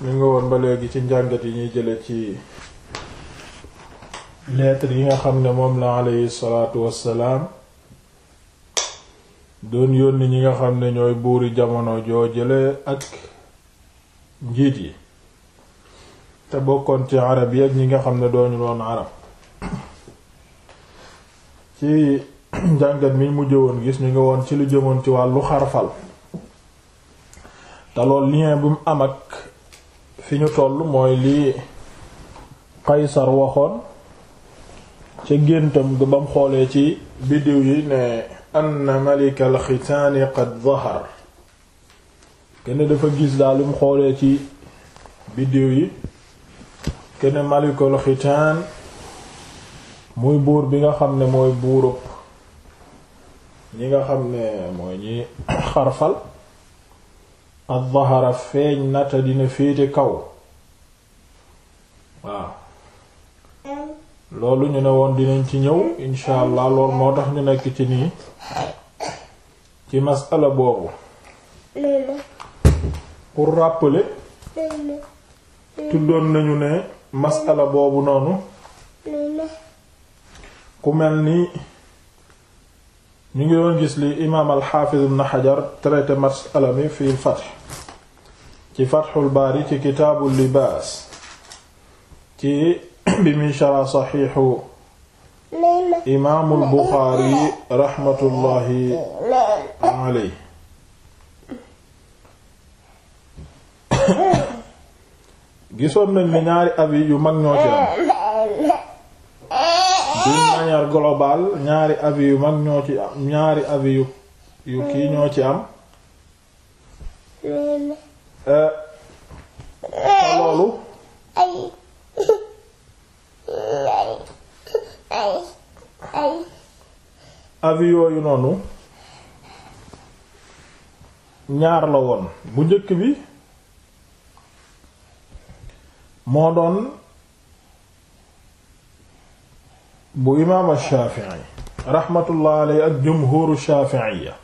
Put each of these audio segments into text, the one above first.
ñu ngi woon ba léegi ci njàngat yi ñuy jële ci lettre yi nga xam ne moom la aleyhi salaatu wassalaam doon yónni ñi nga xam ne ñooy buuri jamono joo jële ak njiit yi te bokkoon ci arab yi ak ñi nga xam ne dooñu doon arab ci njàngat mi mujj woon gis ñu ngi woon ci lu jëmoon ci wàllu xarfal te lool lien bu mu am fi ñu toll mooy lii Qaysar waxoon ca géntam ga bam xoolee ci biddiw yi ne anna malik al xitaani qad zahar kenn dafa gis daal mu xoolee ci biddiw yi kenn malikul xitaan muy buur bi nga xam ne mooy buurub ñi nga xam ne mooy ñi xarfal ad zahara feeñ na te dina féete kaw waaw loolu ñu ne woon dinañ ci ñëw insha loolu moo tax ñu nekk ci nii ci masala boobu pour rappeler tuddoon nañu ne masala boobu noonu ku mel ni ñu ngi doon gis li imaam alxaafiz ibn xajar traité masala mi fi fatx ci fatxul baari ci kitaabu libaas ci bi muy shara saxiixu imaamul buxaari raxmatullaahi aley gisoon nañ ne ñaari yu mag ñoo d'une manière globale ñaari avis yu mag ñoo ci am ñaari avis yu kii ñoo ci am eh. Eh, loolu avis yooyu noonu ñaar la woon bu njëkk bi moo doon bu imaam Shaafi'i raxmatullahi alayhi ak jumhuuru ya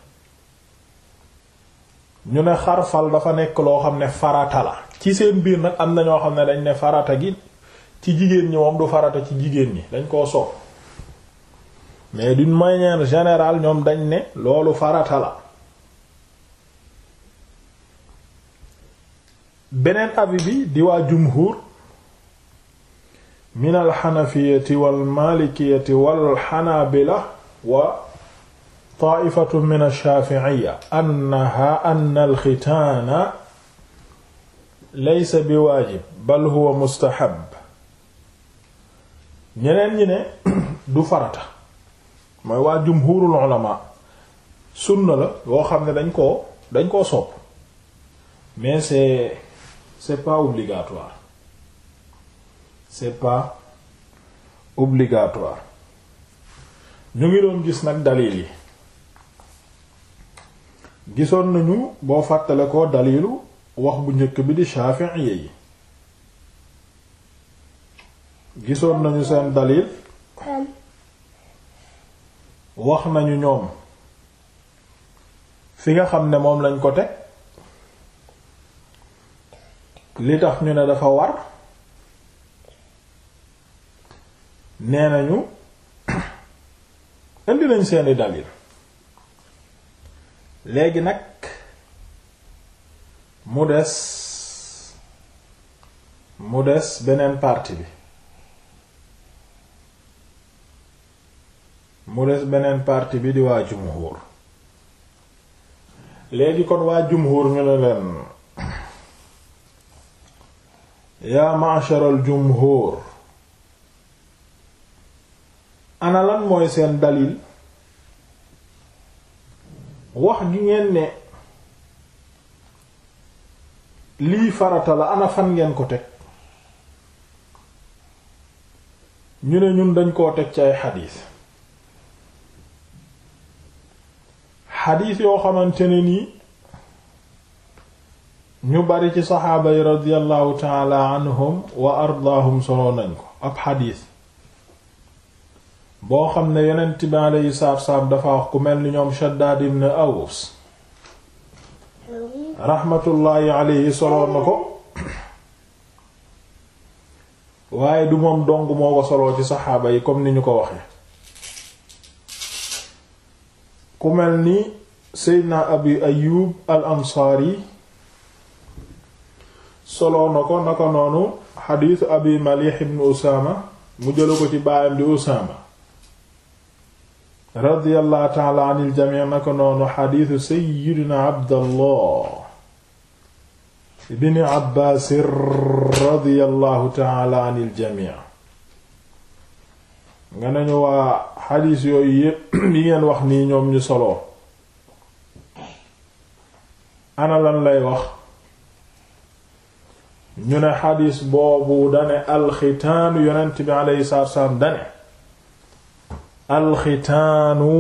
ñu ne xarfal dafa nekk loo xam ne farata la ci seen biir nag am na ñoo xam ne dañ ne farata gi ci jigéen ñi moom du farata ci jigéen ñi dañ koo soob mais d'une manière générale ñoom dañ ne loolu farata la beneen avis bi di waa jumhur min alxanafiyati walmalikiyati walxanabila wa taifatu min alshaaficiya annaha ann alxitaana laysa bi waajib bal huwa mustahab ñeneen ñi ne du farata mooy waa sunna la boo xam ne dañ koo dañ mais c'est pas obligatoire c'est pas obligatoire ñu ngi doon gis nag dalil yi gisoon nañu boo fàttale ko dalilu wax bu njëkk bi di Shafi'i yi gisoon nañu seen dalil wax nañu ñoom fi nga xam ne moom lañ ko teg li tax ñu ne dafa war nee nañu indi nañ seeni dalil léegi nag mu des mu des beneen partie bi mu des beneen partie bi di waa jumhur léegi kon waa jumhur ñu ne leen yaa ma'shar al jumhur ana lan mooy seen dalil wax gi ngeen ne lii farata la ana fan ngeen ko teg ñu ne ñun dañ koo teg ci ay xadiis xadiis yoo xamante nii ñu bari ci saxaaba yi radiyallahu taala anhum wa ardaahum solo nañ ko ab xadiis boo xam ne yonent bi alayhi salaatu wassalaam dafa wax ku mel ni ñoom Shaddaad ibn Aws raxmatullaahi alayhi soloon na ko waaye du moom dong moo ko soloo ci saxaaba yi comme ni ñu ko waxe ku mel ni Seydina Abi Ayyub al Ansaari soloo na ko naka noonu xadiisu Abi Maliix ibn Usaama mu jëla ko ci baayam di Usaama radiyallahu taala an iljamii nako noonu xadiisu sayidina abdallah ibni abbaasi radiyallahu taala an iljamii nga nañu waa xadiis yooyu yépp wax nii ñoom ñu solo ana lan lay wax ñu ne xadiis boobu dane alxitaanu yonent bi aleyhi salaatu wa salaam dane alxitaanu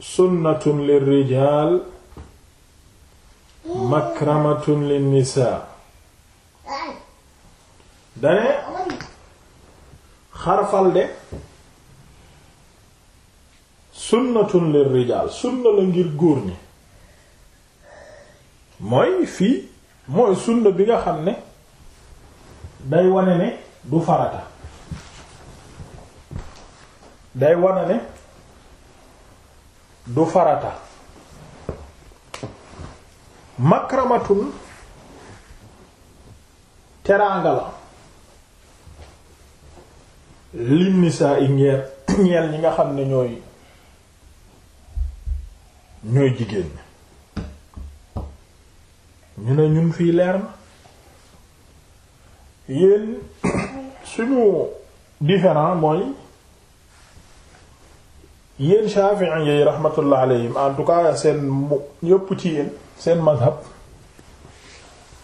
sunnatun lirrijaal makramatun linnisaa dane xarfal de sunnatun lirrijaal sunna la ngir góor ñi mooy fii mooy sunna bi nga xam ne day wane ne du farata day wane ne du farata makramatun teraanga la linnisaa i ñeel ñeel ñi nga xam ne ñooy ñooy jigéen ñu ne ñun fii leer na yéen suñu différent mooy yéen Shafi'i yi rahmatullah alayhim en tout cas seen mu yëpp ci yéen seen mazhab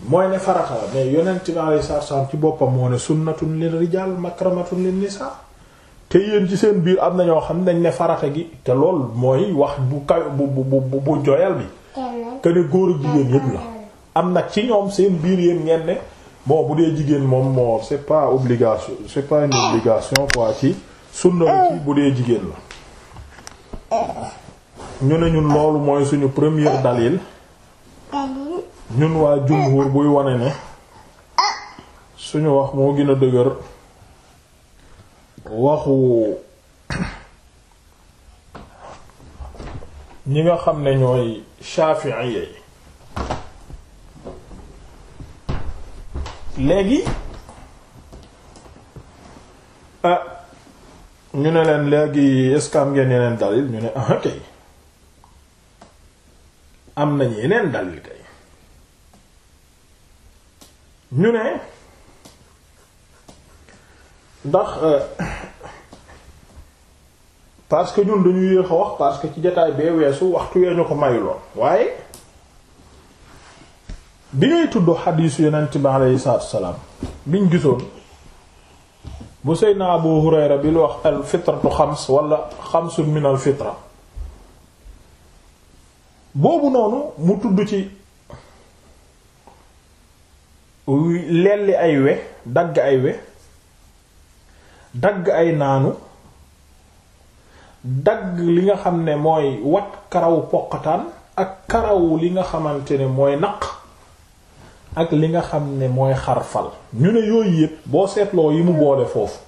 mooy ne farata la mais yonent bi alayhi salaatu salaam ci boppam moo ne sunnatun lil rijaal makramatun lin nisaa te yéen ci seen biir am na ñoo xam dañ ne farata gi te lool mooy wax bu kaw bu bu bu joyal bi que góor ak jigéen yëpp la am nag ci ñoom seen biir yéen ngeen ne bon bu dee jigéen moom moo c'est pas obligation c'est pas une obligation quoi ci sunna ci bu dee jigéen la. ñu ne ñun loolu mooy suñu premier dalil ñun waa jumhur buy wone ne suñu wax moo gën dëgër waxu ñi nga xam ne ñooy Shafi'iyya léegi ah, ñu ne leen léegi est-ce que am ngeen yeneen dalil ñu ne ah kay am nañ yeneen dalil kay ñu ne ndax euh, parce que ñun dañu yéex a wax parce que ci jataay bee weesu waxtu wee ñu ko mayuloon waaye bi ngay tudd xadiisu yonent bi aleyhi salaatu salaam biñ gisoon bu Seydina Abu Hurayra bi lu wax al fitratu xams wala xamsun min fitra boobu noonu mu tudd ci lelli ay we dagg ay we dagg ay naanu dagg li nga xam ne mooy wat karawu poqataan ak karawu li nga xamante ne mooy naq ak li nga xam ne mooy xarfal ñu ne yooyu yëpp boo seetloo yi mu boole foofu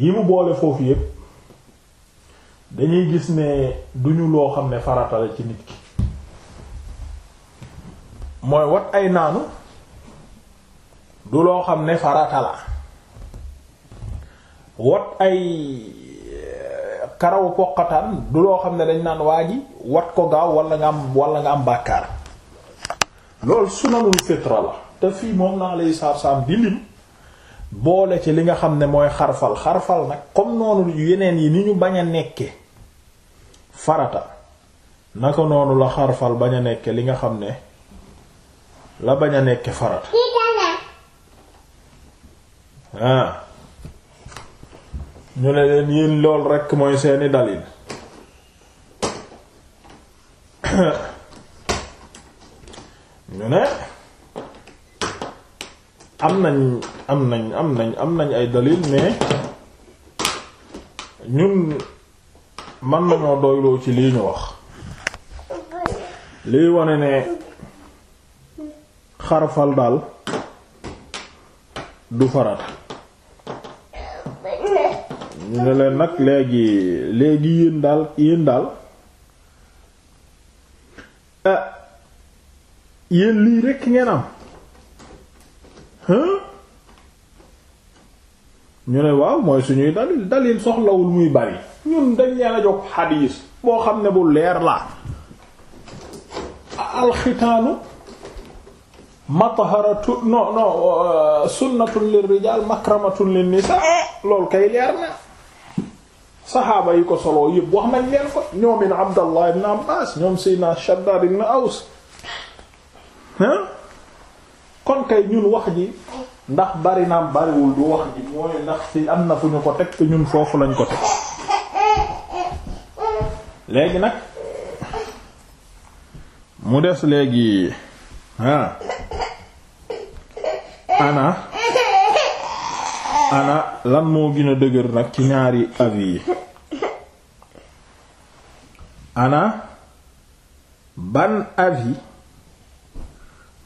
yi mu boole foofu yëpp dañuy gis ne duñu loo xam ne farata ci nit mooy wat ay naanu du loo xam ne farata la wat ay karawu poqataan du loo xam ne dañ naan waa ji wat ko gaaw walla nga am wala nga am bàkkaar loolu sunanul fitra la te fii moom laa lay saab saab di lim boole ci li nga xam ne mooy xarfal xarfal nag comme noonu yeneen yi ni ñu bañ a nekke farata naka noonu la xarfal bañ a nekke li nga xam ne la bañ a nekke farata ah ñu ne leen yéen lool rekk mooy seeni dalil ñu ne am nañ am nañ am nañ am nañ ay dalil mais ñun mën moo doyloo ci lii ñu wax lii wane ne xarfal daal du farat ñu ne leen nag léegi léegi yéen daal yéen daal eh, yéen lii rekk ngeen am ñu ne waaw mooy suñuy dalil dalil soxlawul muy bari ñun dañ leen a jox xadiis boo xam ne bu leer la alxitaanu matharatu no no euh, sunnatun lir rijaal makramatun lin nisaa loolu kay leer na saxaaba yi ko solo yëpp wax nañ leen ko ñoom ibn Abdallah ibn Abbaas ñoom Seydina Shaddaad ibn Aws kon kay ñun wax ji ndax bari naam bariwul du wax ji mooy ndax fi am na fu ñu ko teg te ñun foofu lañ ko teg léegi nag mu des léegi ah ana ana lan moo gën a dëgër nag ci ñaari avis yi ana ban avis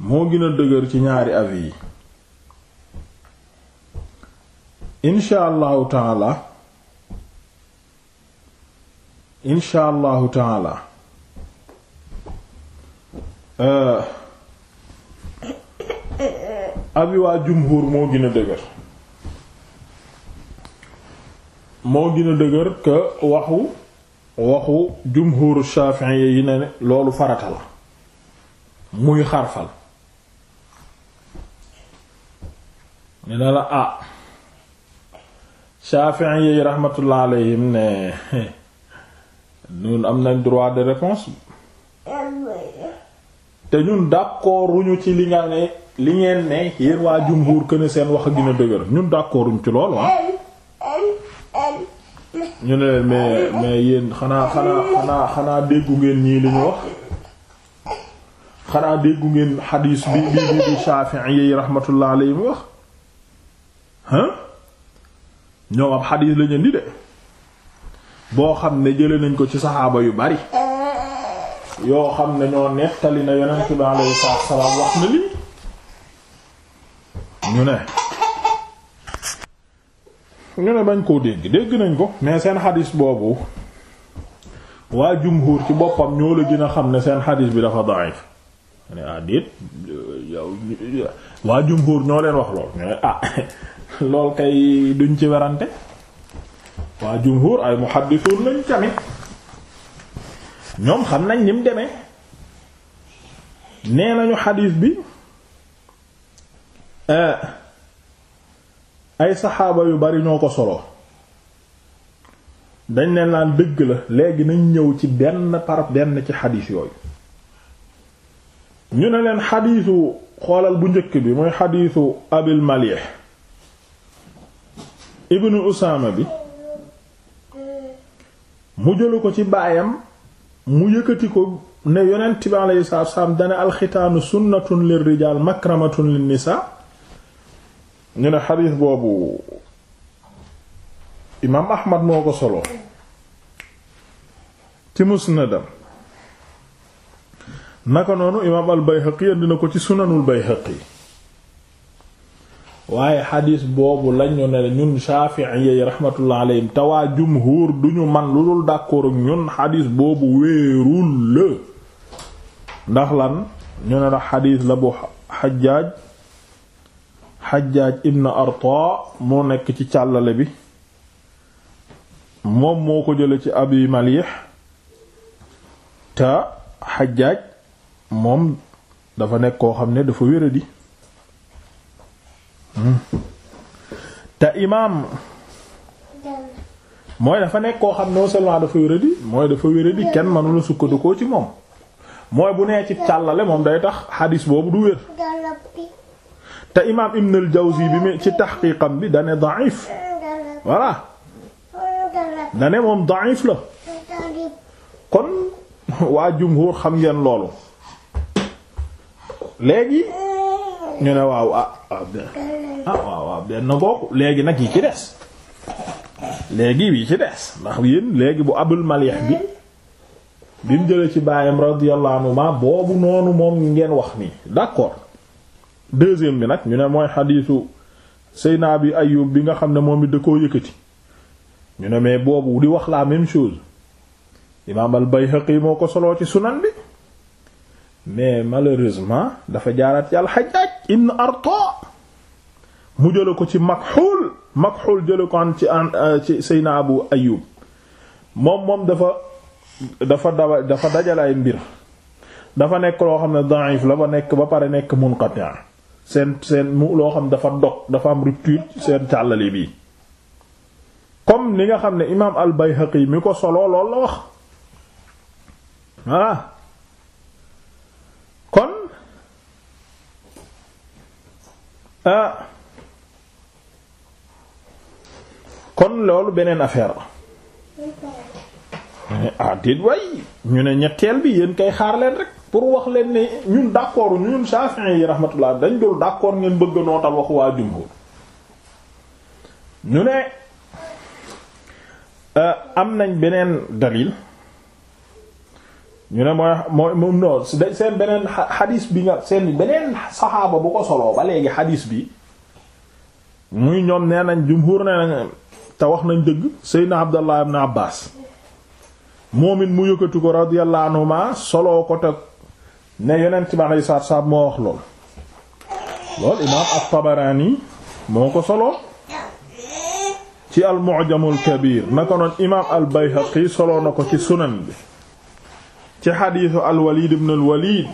moo gën dëgër ci ñaari avis yi incha allahu taala incha allahu taala euh, abi waa jumhur moo gën a dëgër moo gën dëgër que waxu waxu jumhur shafi'i yi ne loolu farata la muy xarfal ne na la ah Shafi'i yi rahmatullah alayhim ne ñun am nañ droit de réponse te ñun d'accord uñu ci li nga ne li ngeen ne yéen waa jumhur que seen wax a gën a dëgër ñun d'accord uñ ci loolu ah ñu ne leen mais mais yéen xanaa xanaa xanaa déggu ngeen ñii li ñu wax xanaa déggu ngeen xadiis bi bi bi Shafi'i yi rahmatullah alayhim wax ñoom ab xadiis lañu ni de boo xam ne jële nañ ko ci saxaaba yu bari yoo xam ne ñoo nettali na yonent bi alayhi salaam wax na lii ñu ne ñu ne bañ koo dégg dégg nañ ko mais seen xadiis boobu waa jumhur ci boppam ñoo la gën a xam ne seen xadiis bi dafa da'if ne ah, waa jumhur ñoo leen wax lool ñu ne ah lool kay duñ ci werante waa jumhur ay muhaddisuun lañ tamit ñoom xam nañ ni mu demee nee nañu xadiis bi eh, ay saxaaba yu bari ñoo ko solo dañ leen laan dëgg la léegi nañ ñëw ci benn par benn ci xadiis yooyu ñu ne leen xadiisu xoolal bu njëkk bi mooy xadiisu abil malih ibnu Usaama bi mu jëlu ko ci baayam mu yëkkati ko ne yonent bi alayhi salaatu wa salaam dana alxitaanu sunnatun lir rijaal makramatun lin nisaa ñu ne xadiis boobu imaam Ahmad moo ko solo ci musnadam naka noonu imaam al Bayhaqi dina ko ci sunanul yi waaye xadis boobu lañu ne ñun Shafi'i yi rahmatullah alayhim te waa jumhuur duñu man lu dul d'accord ak ñun xadis boobu wéerul la ndax lan ñu ne la xadis la bu xajjaaj xajjaaj ibn Arta moo nekk ci càllale bi moom moo ko jële ci Abi Malih te xajjaaj moom dafa nekk koo xam ne dafa wéradi te imaam mooy dafa nekk koo xam non seulement dafa wéradi mooy dafa wéradi kenn mënula sukkandikoo ci moom mooy bu nee ci càllale moom day tax xadiis boobu du wér te imaam Ibn al-Jawzi bi mi ci taxqiiqam bi dane da'if voilà dane moom da'if la kon waa jumhur xam ngeen loolu léegi ñu ne waaw ah ah, ah waaw waaw benn googu léegi nag yi ci des léegi yi ci des ndax yéen léegi bu abul malih bi bi mu ci baayam radiyallahu anhu ma boobu noonu moom ngeen wax nii d'accord deuxième bi nag ñu ne mooy xadiisu Seyna bi Ayyub bi nga xam ne moom it da koo yëkkati ñu ne mais boobu di wax laa même chose imaam al-Bayhaqi moo ko soloo ci sunan bi mais malheureusement dafa jaaraat ci al-Hajjaj ibn mu jële ko ci Makhul Makhul jële ko an ci an euh, ci Seyna Abu Ayyub moom moom dafa dafa dawa dafa dajale ay mbir dafa nekk loo xam ne da'if la ba nekk ba pare nekk munqati' seen seen mu loo xam dafa dog dafa am rupture seen càllale bi comme ni nga xam ne imaam al-Bayhaqi mi ko solo lool la wax voilà ah. Ah. kon loolu beneen affaire la ah déet waay ñu ne ñetteel bi yéen kay xaar leen rek pour wax leen ne ñun d'accord ñun Shafi'i yi rahmatullah dañ dul d'accord ngeen bëgg a nootal wax waa jumhur ñu ne ah, am nañ beneen dalil ñu ne mooy mooy moom no seen beneen xadis bi nga seen beneen saxaaba bu ko soloo ba léegi xadis bi muy ñoom nee nañ jumhur nee nañ te wax nañ dëgg seydna abdallah ibn abbas moom it mu yëkkati ko radiyallahu anhuma soloo ko te ne yonent bi alayhi salaatu salaam moo wax lool loolu imaam at-Tabarani moo ko solo ci al-Mu'jamul Kabir naka noon imaam al-Bayhaqi soloo na ko ci sunan bi ci xadiisu alwalid ibn alwalid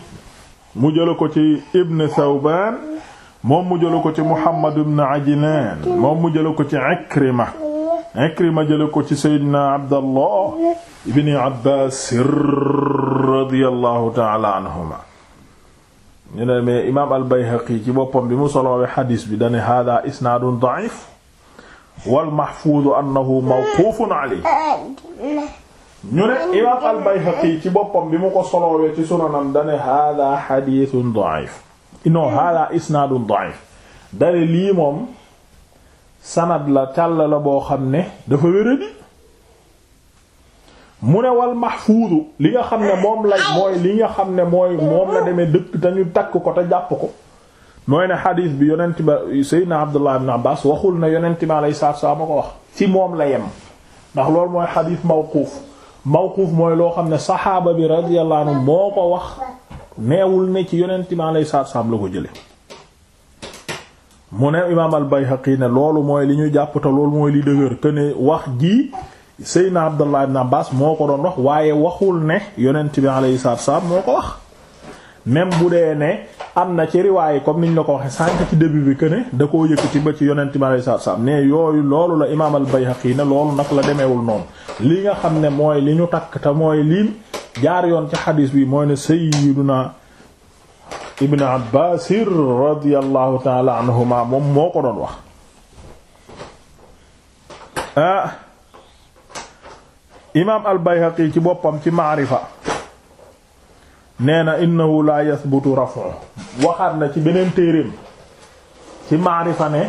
mu jëla ko ci ibn thawban moom mu jëla ko ci muhammad ibn ajlan moom mu jëla ko ci ikrima ikrima jëla ko ci seydina abdallah ibn abbas radiyallahu taala anhuma ñu ne mais imaam albayhaqi ci boppam bi mu soloowe xadiis bi dane hada isnaadun da'if wal mahfuuz annahu mawquufun alayhi ñu ne imaam al-Bayhaqi ci boppam bi mu ko soloowee ci sunanam dane hada xadithun daif non hada isnaadun daif dane lii moom sanad la càll la boo xam ne dafa wéradi mu ne wal mahfuudu li nga xam ne moom lañ mooy li nga xam ne mooy moom la demee dëkk te ñu takk ko te jàpp ko mooy ne xadiis bi yonent ba Seydina Abdullah ibn Abbas waxul na yonent bi alayhi salaatu wa salaam ma ko wax ci moom la yem ndax loolu mooy xadiis mawquuf mawquuf mooy loo xam ne saxaaba bi radiyallahu anhu moo ko wax neewul ne ci yonent mi alayhi salaatu salaam la ko jële mu ne imaam al-Bayhaqi ne loolu mooy li ñu jàpp loolu mooy li dëgër que wax ji Seydina Abdullah ibn Abbas moo ko doon wax waaye waxul ne yonent bi alayhi salaatu salaam moo ko wax même bu dee ne am na ci riwaay comme niñ la ko waxee sànq ci début bi que ne da koo yëkkati ba ci yonent mi alayhi salaatu salaam mais yooyu loolu la imaam al-Bayhaqi ne loolu nag la demeewul noonu li nga xam ne mooy li ñu takk te mooy lii jaar yoon ci xadiis bi mooy ne na ibn Abbaas radiyallahu taala anhuma moom moo ko doon wax ah imaam al-Bayhaqi ci boppam ci maarifa nee na innahu la yathbutu rafu waxaat na ci beneen téereem ci maarifa ne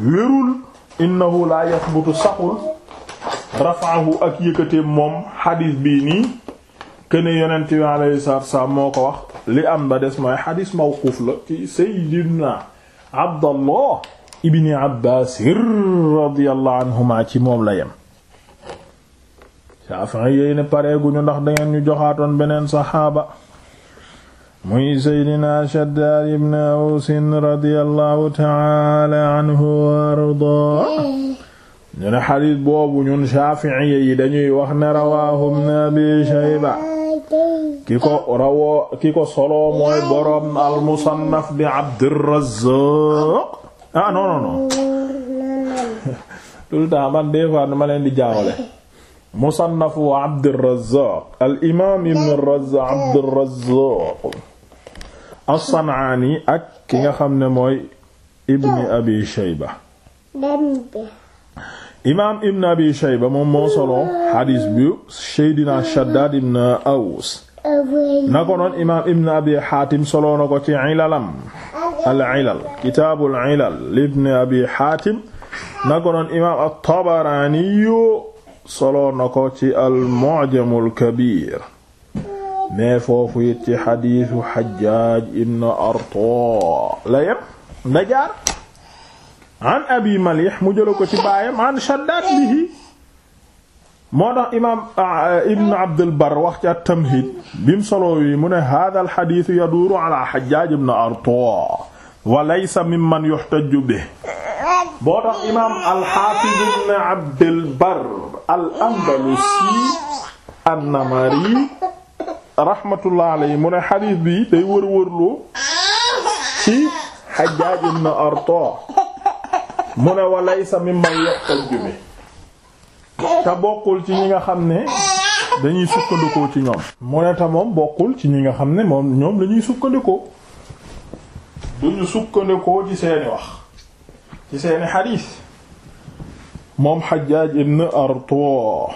wérul innahu la yathbutu saxul rafaahu ak yëkkateem moom xadis bii nii këne yonent bi alayhi salaatu moo ko wax li am ba des mooy xadis mawquuf la ci sayyidina abdallah ibni abbaasir radiyallahu moom la yem Shafi'i yéy ne pareeguñu ndax dangeen ñu joxaatoon beneen saxaaba muy Seydina Shaddaad ibn Aws radiyallahu ta'ala anhu wa ardaa ñu ne xadiis boobu ñun Shafi'i yi dañuy wax ne rawaahu ibn Abi Shayba ki ko rawoo ki ko solo mooy boroom al-Musannaf bi Abdurrazzaq ah non non non tout le temps man des fois dama leen di jaawale musannafu ibn nga xam ne mooy ibn Abi Shayba. imaam ibn Abi Shayba moom moo ibn Aws na ko ibn Abi Xaatim solo na ko ci al-Ilal kitaabul Ilal li ibn Abi Xaatim na ko noon imaam soloo na ko ci al-Mu'jamul Kabiir mais foofu it ci xadiisu Hajjaaj ibn Artaa la yem nda jaar an Abi Malih mu jëla ko ci baayam an Shaddaad bihi moo tax imaam Ibn Abdul Barr wax ci at-Tamhiid bim solo yi mu ne haadha al-hadiis yaduuru ala Hajjaaj ibn Artaa wa laysa mimman yuhtajju bihi boo tax imaam al-Haafiz ibn Abdul Barr al andalusi annamari rahmatullah alayhi mu ne xadiis bi day wër wërloo ci Hajjaaj ibn Arta mu ne wa laysa mimman yaqul bi te bokkul ci ñi nga xam ne dañuy sukkandikoo ci ñoom mu ne te bokkul ci ñi nga xam ne moom ñoom lañuy sukkandikoo duñu sukkandikoo ci seeni wax ci seeni xadiis moom Hajjaaj ibn Artoo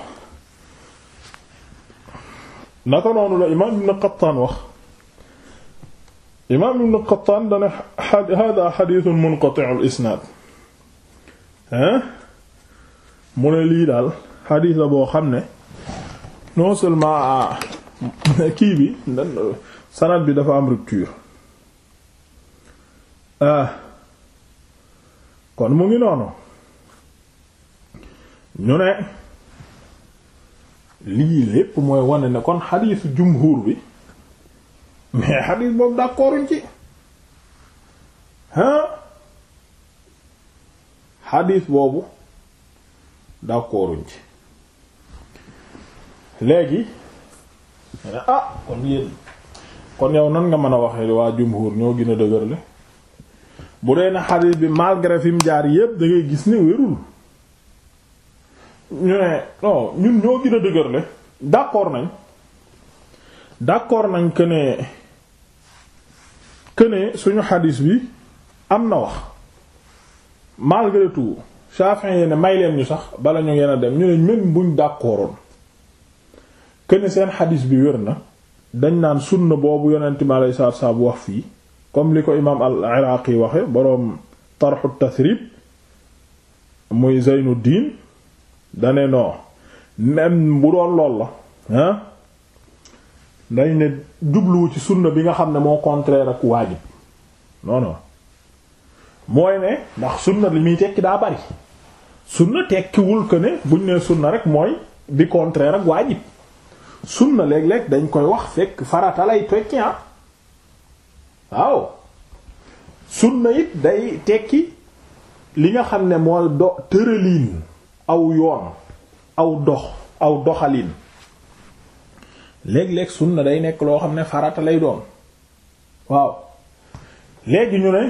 naka noonu la imaam ibn Qattaan wax imaam ibn Qattaan dana haaza hadiisun munqati'ul isnaad hein mu lii daal xadiis la boo xam ne non seulement ah, kii bi sanad bi dafa am rupture ah. kon mu ngi noonu ñu ne lii lépp mooy wane ne kon xadiisu jumhur bi mais xadiis boobu d'accorduñ ci hein xadiis boobu d'accorduñ ci léegi ah kon kon yow nan nga mën a waxee waa jumhur ñoo gën a dëgër le bu dee na xadiis bi malgré fi mu jaar yépp dangay gis ni wérul ñu ne non ñun ñoo gën a dëgër le nañ d'accord nañ que ne que suñu xadis bi am na wax malgré tout Shafi'i yi ne may leen ñu sax bala ñu ngeen a dem ñu ne même buñ d'accordoon que seen xadis bi wér na dañ naan sunna boobu yonent mi alayhi salaatu wax fii comme li ko imaam al-Iraqi waxe boroom tarxu tasrib muy Zeynuddin dane non même bu doon lool la ah dañ ne jubluwu ci sunna bi nga xam ne moo contraire ak waajib non mooy ne ndax sunna li muy tekki daa bari sunna tekkiwul que ne buñ nee sunna rek mooy bi contraire ak waajib na léeg-léeg dañ koy wax fekk farata lay tekki ah waaw sunna day tekki li nga xam ne mooy do tërëliin aw yoon aw dox aw doxalin léeg sun na day nekk loo xam ne farata lay doon waaw léegi ñu ne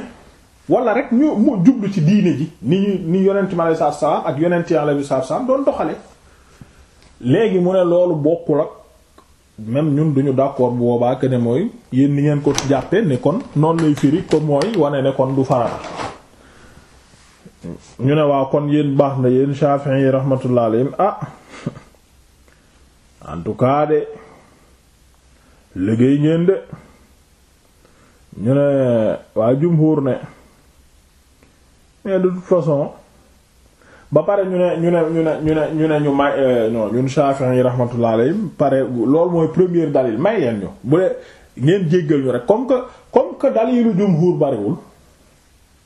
wala rek ñu mu jublu ci diine ji ni ñu ni yonent mi alayhi salaatu salaam ak yonent yi bi salaatu salaam doon doxale léegi mu ne loolu bokkul ak même ñun duñu d'accord bu boobaa que ne mooy yéen ni ngeen ko jàppee ne kon noonu lay firi ko mooy wane ne kon du farata ñu ne waa kon yéen baax na yéen Shafi'i yi rahmatullah alayhim ah en tout cas de liggéey ngeen de ñu ne waa jumhur ne mais de toute façon ba pare ñu ne ñu ne ñu ne ñu ne ñu ne ñu may euh, non ñun Shafi'i yi rahmatullah alayhim pare loolu mooy premier dalil may leen ñu bu dee ngeen jéggal ñu rek comme que comme que dalilu jumhur bariwul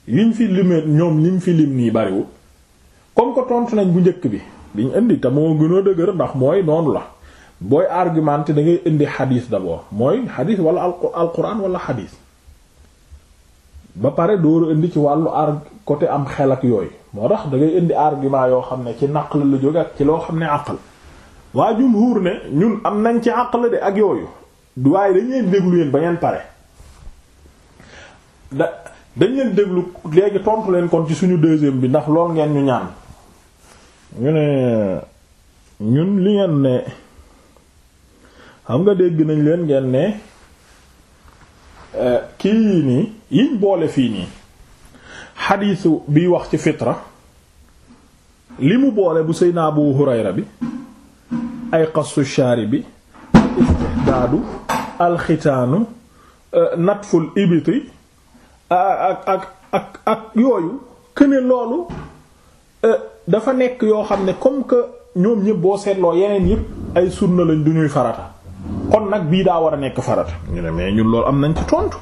yiñ fi limee ñoom ñim fi lim nii bariwul comme que tontu nañ bu njëkk bi biñ indi te moo gën a dëgër ndax mooy noonu la booy argumenté da ngay indi xadis d'abord mooy xadis wala alquran wala xadis ba pare dooru indi ci wàllu ar côté am xel ak yooyu moo tax da ngay indi argument yoo xam ne ci naql lu jóge ak ci loo xam ne àqal waa jumhuur ne ñun am nañ ci àqal de ak yooyu waaye dañuy déglu yéen ba ngeen pare dañ leen déglu léegi tontu leen kon ci suñu deuxième bi ndax lool ngeen ñu ñaan ñu ne ñun li ngeen ne xam nga dégg nañ leen ngeen ne euh, kii nii yiñ boole fii nii xadiisu biy wax ci fitra li mu boole bu sëy na Abu Hurayra bi ay xassu shaari bi al alxitaanu euh, natful ibiti ak ak ak ak yooyu këne loolu euh, dafa nekk yoo xam ne comme que ñoom ñëpp boo seetloo yeneen yëpp ay sunna lañ du ñuy farata kon nag bii daa war a nekk farata ñu ne mais ñun loolu am nañ ci tontu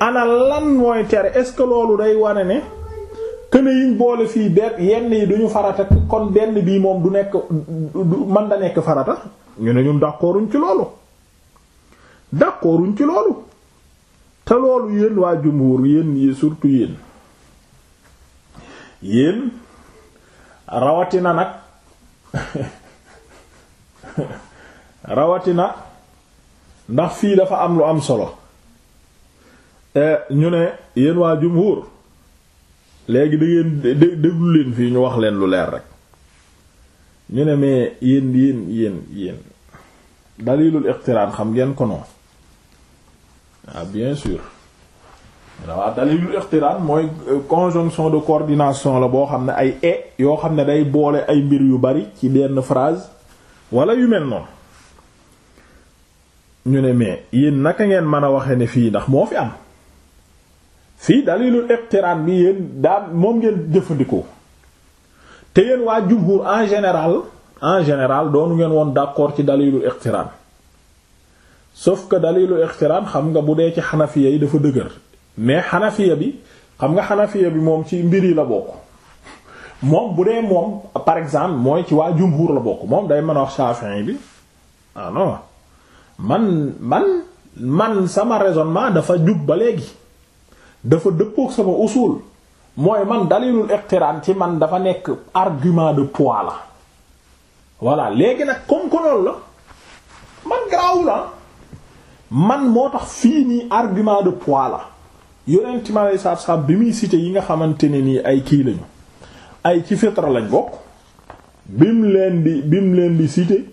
ana lan mooy tere est-ce que loolu day wane ne këne yiñ boole fii yenn yi duñu farata kon benn bii moom du nekk man da nekk farata ñu ne ñun d'accorduñ ci loolu d'accorduñ ci loolu te loolu yéen waa jumhur yéen surtout yéen yéen na nag rawatina ndax fii dafa am lu am solo e, ñu ne yéen waa jumhur léegi da ngeen déglu leen fii ñu wax leen lu leer rek ñu ne mais yéen yéen yéen yéen dalilul iqtiraan xam ngeen ko ah bien sûr waaw dalilul ixtiraan mooy euh, conjonction de coordination la boo xam ne ay e yoo xam ne day boole ay mbir yu bari ci benn phrase wala yu mel noonu ñu ne mais yéen naka ngeen mën a waxee ne fii ndax moo fi am fii dalilul ixtiraan bi yéen daal moom ngeen jëfandikoo te yéen waa jumhur en général en général doonu ngeen woon d'accord ci dalilul ixtiraan sauf que dalilu ixtiraan xam nga bu dee ci xanafiya yi dafa dëgër mais xanafiya bi xam nga xanafiya bi moom ci mbir yi la bokk moom bu dee moom par exemple mooy ci waa jumhur la bokk moom day mën a wax Shafi'i bi ah man man man sama raisonnement dafa jub ba léegi dafa dëppook sama usul mooy man dalilul iqtiraan ci man dafa nekk argument de poids la voilà léegi nag comme que la man garaawul la ah. man moo tax fii nii argument de poids la yonent mi aleyhi salaatu salaam bi muy cité yi nga xamante ne nii ay kii lañu ay ci fitra lañ bokk bim leen bi bim leen di cité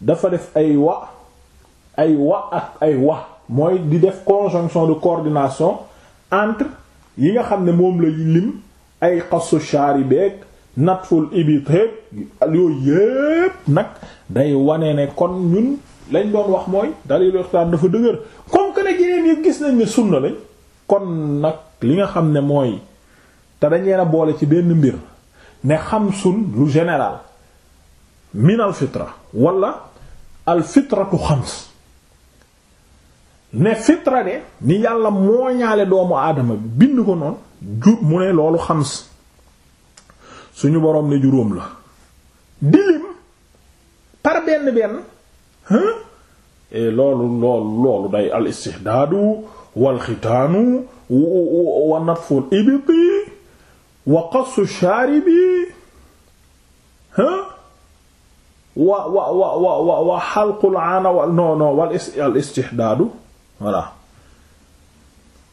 dafa def ay wa ay wa ak ay wa mooy di def conjonction de coordination entre yi nga xam ne moom la lim ay xasu shaari beeg natful ibit yooyu yépp nag day wane ne kon ñun lañ doon wax mooy dalilu ixtilaaf dafa dëgër comme que nag yeneen yëpp gis nañ ne sunna lañ kon nag li nga xam ne mooy te dañ leen boole ci benn mbir ne xam sun lu général min al fitra wala al fitratu xams ne fitra de ni yàlla mooñaale doomu aadama bi bind ko noon ju mu ne loolu xams suñu boroom ne juróom la dilim par benn benn loolu loolu loolu day al istihdaadu wal xitaanu wa natful ibiti wa qasu shaaribi wa wa wa wa wa wa xalqul aana wa non non wal al istihdaadu voilà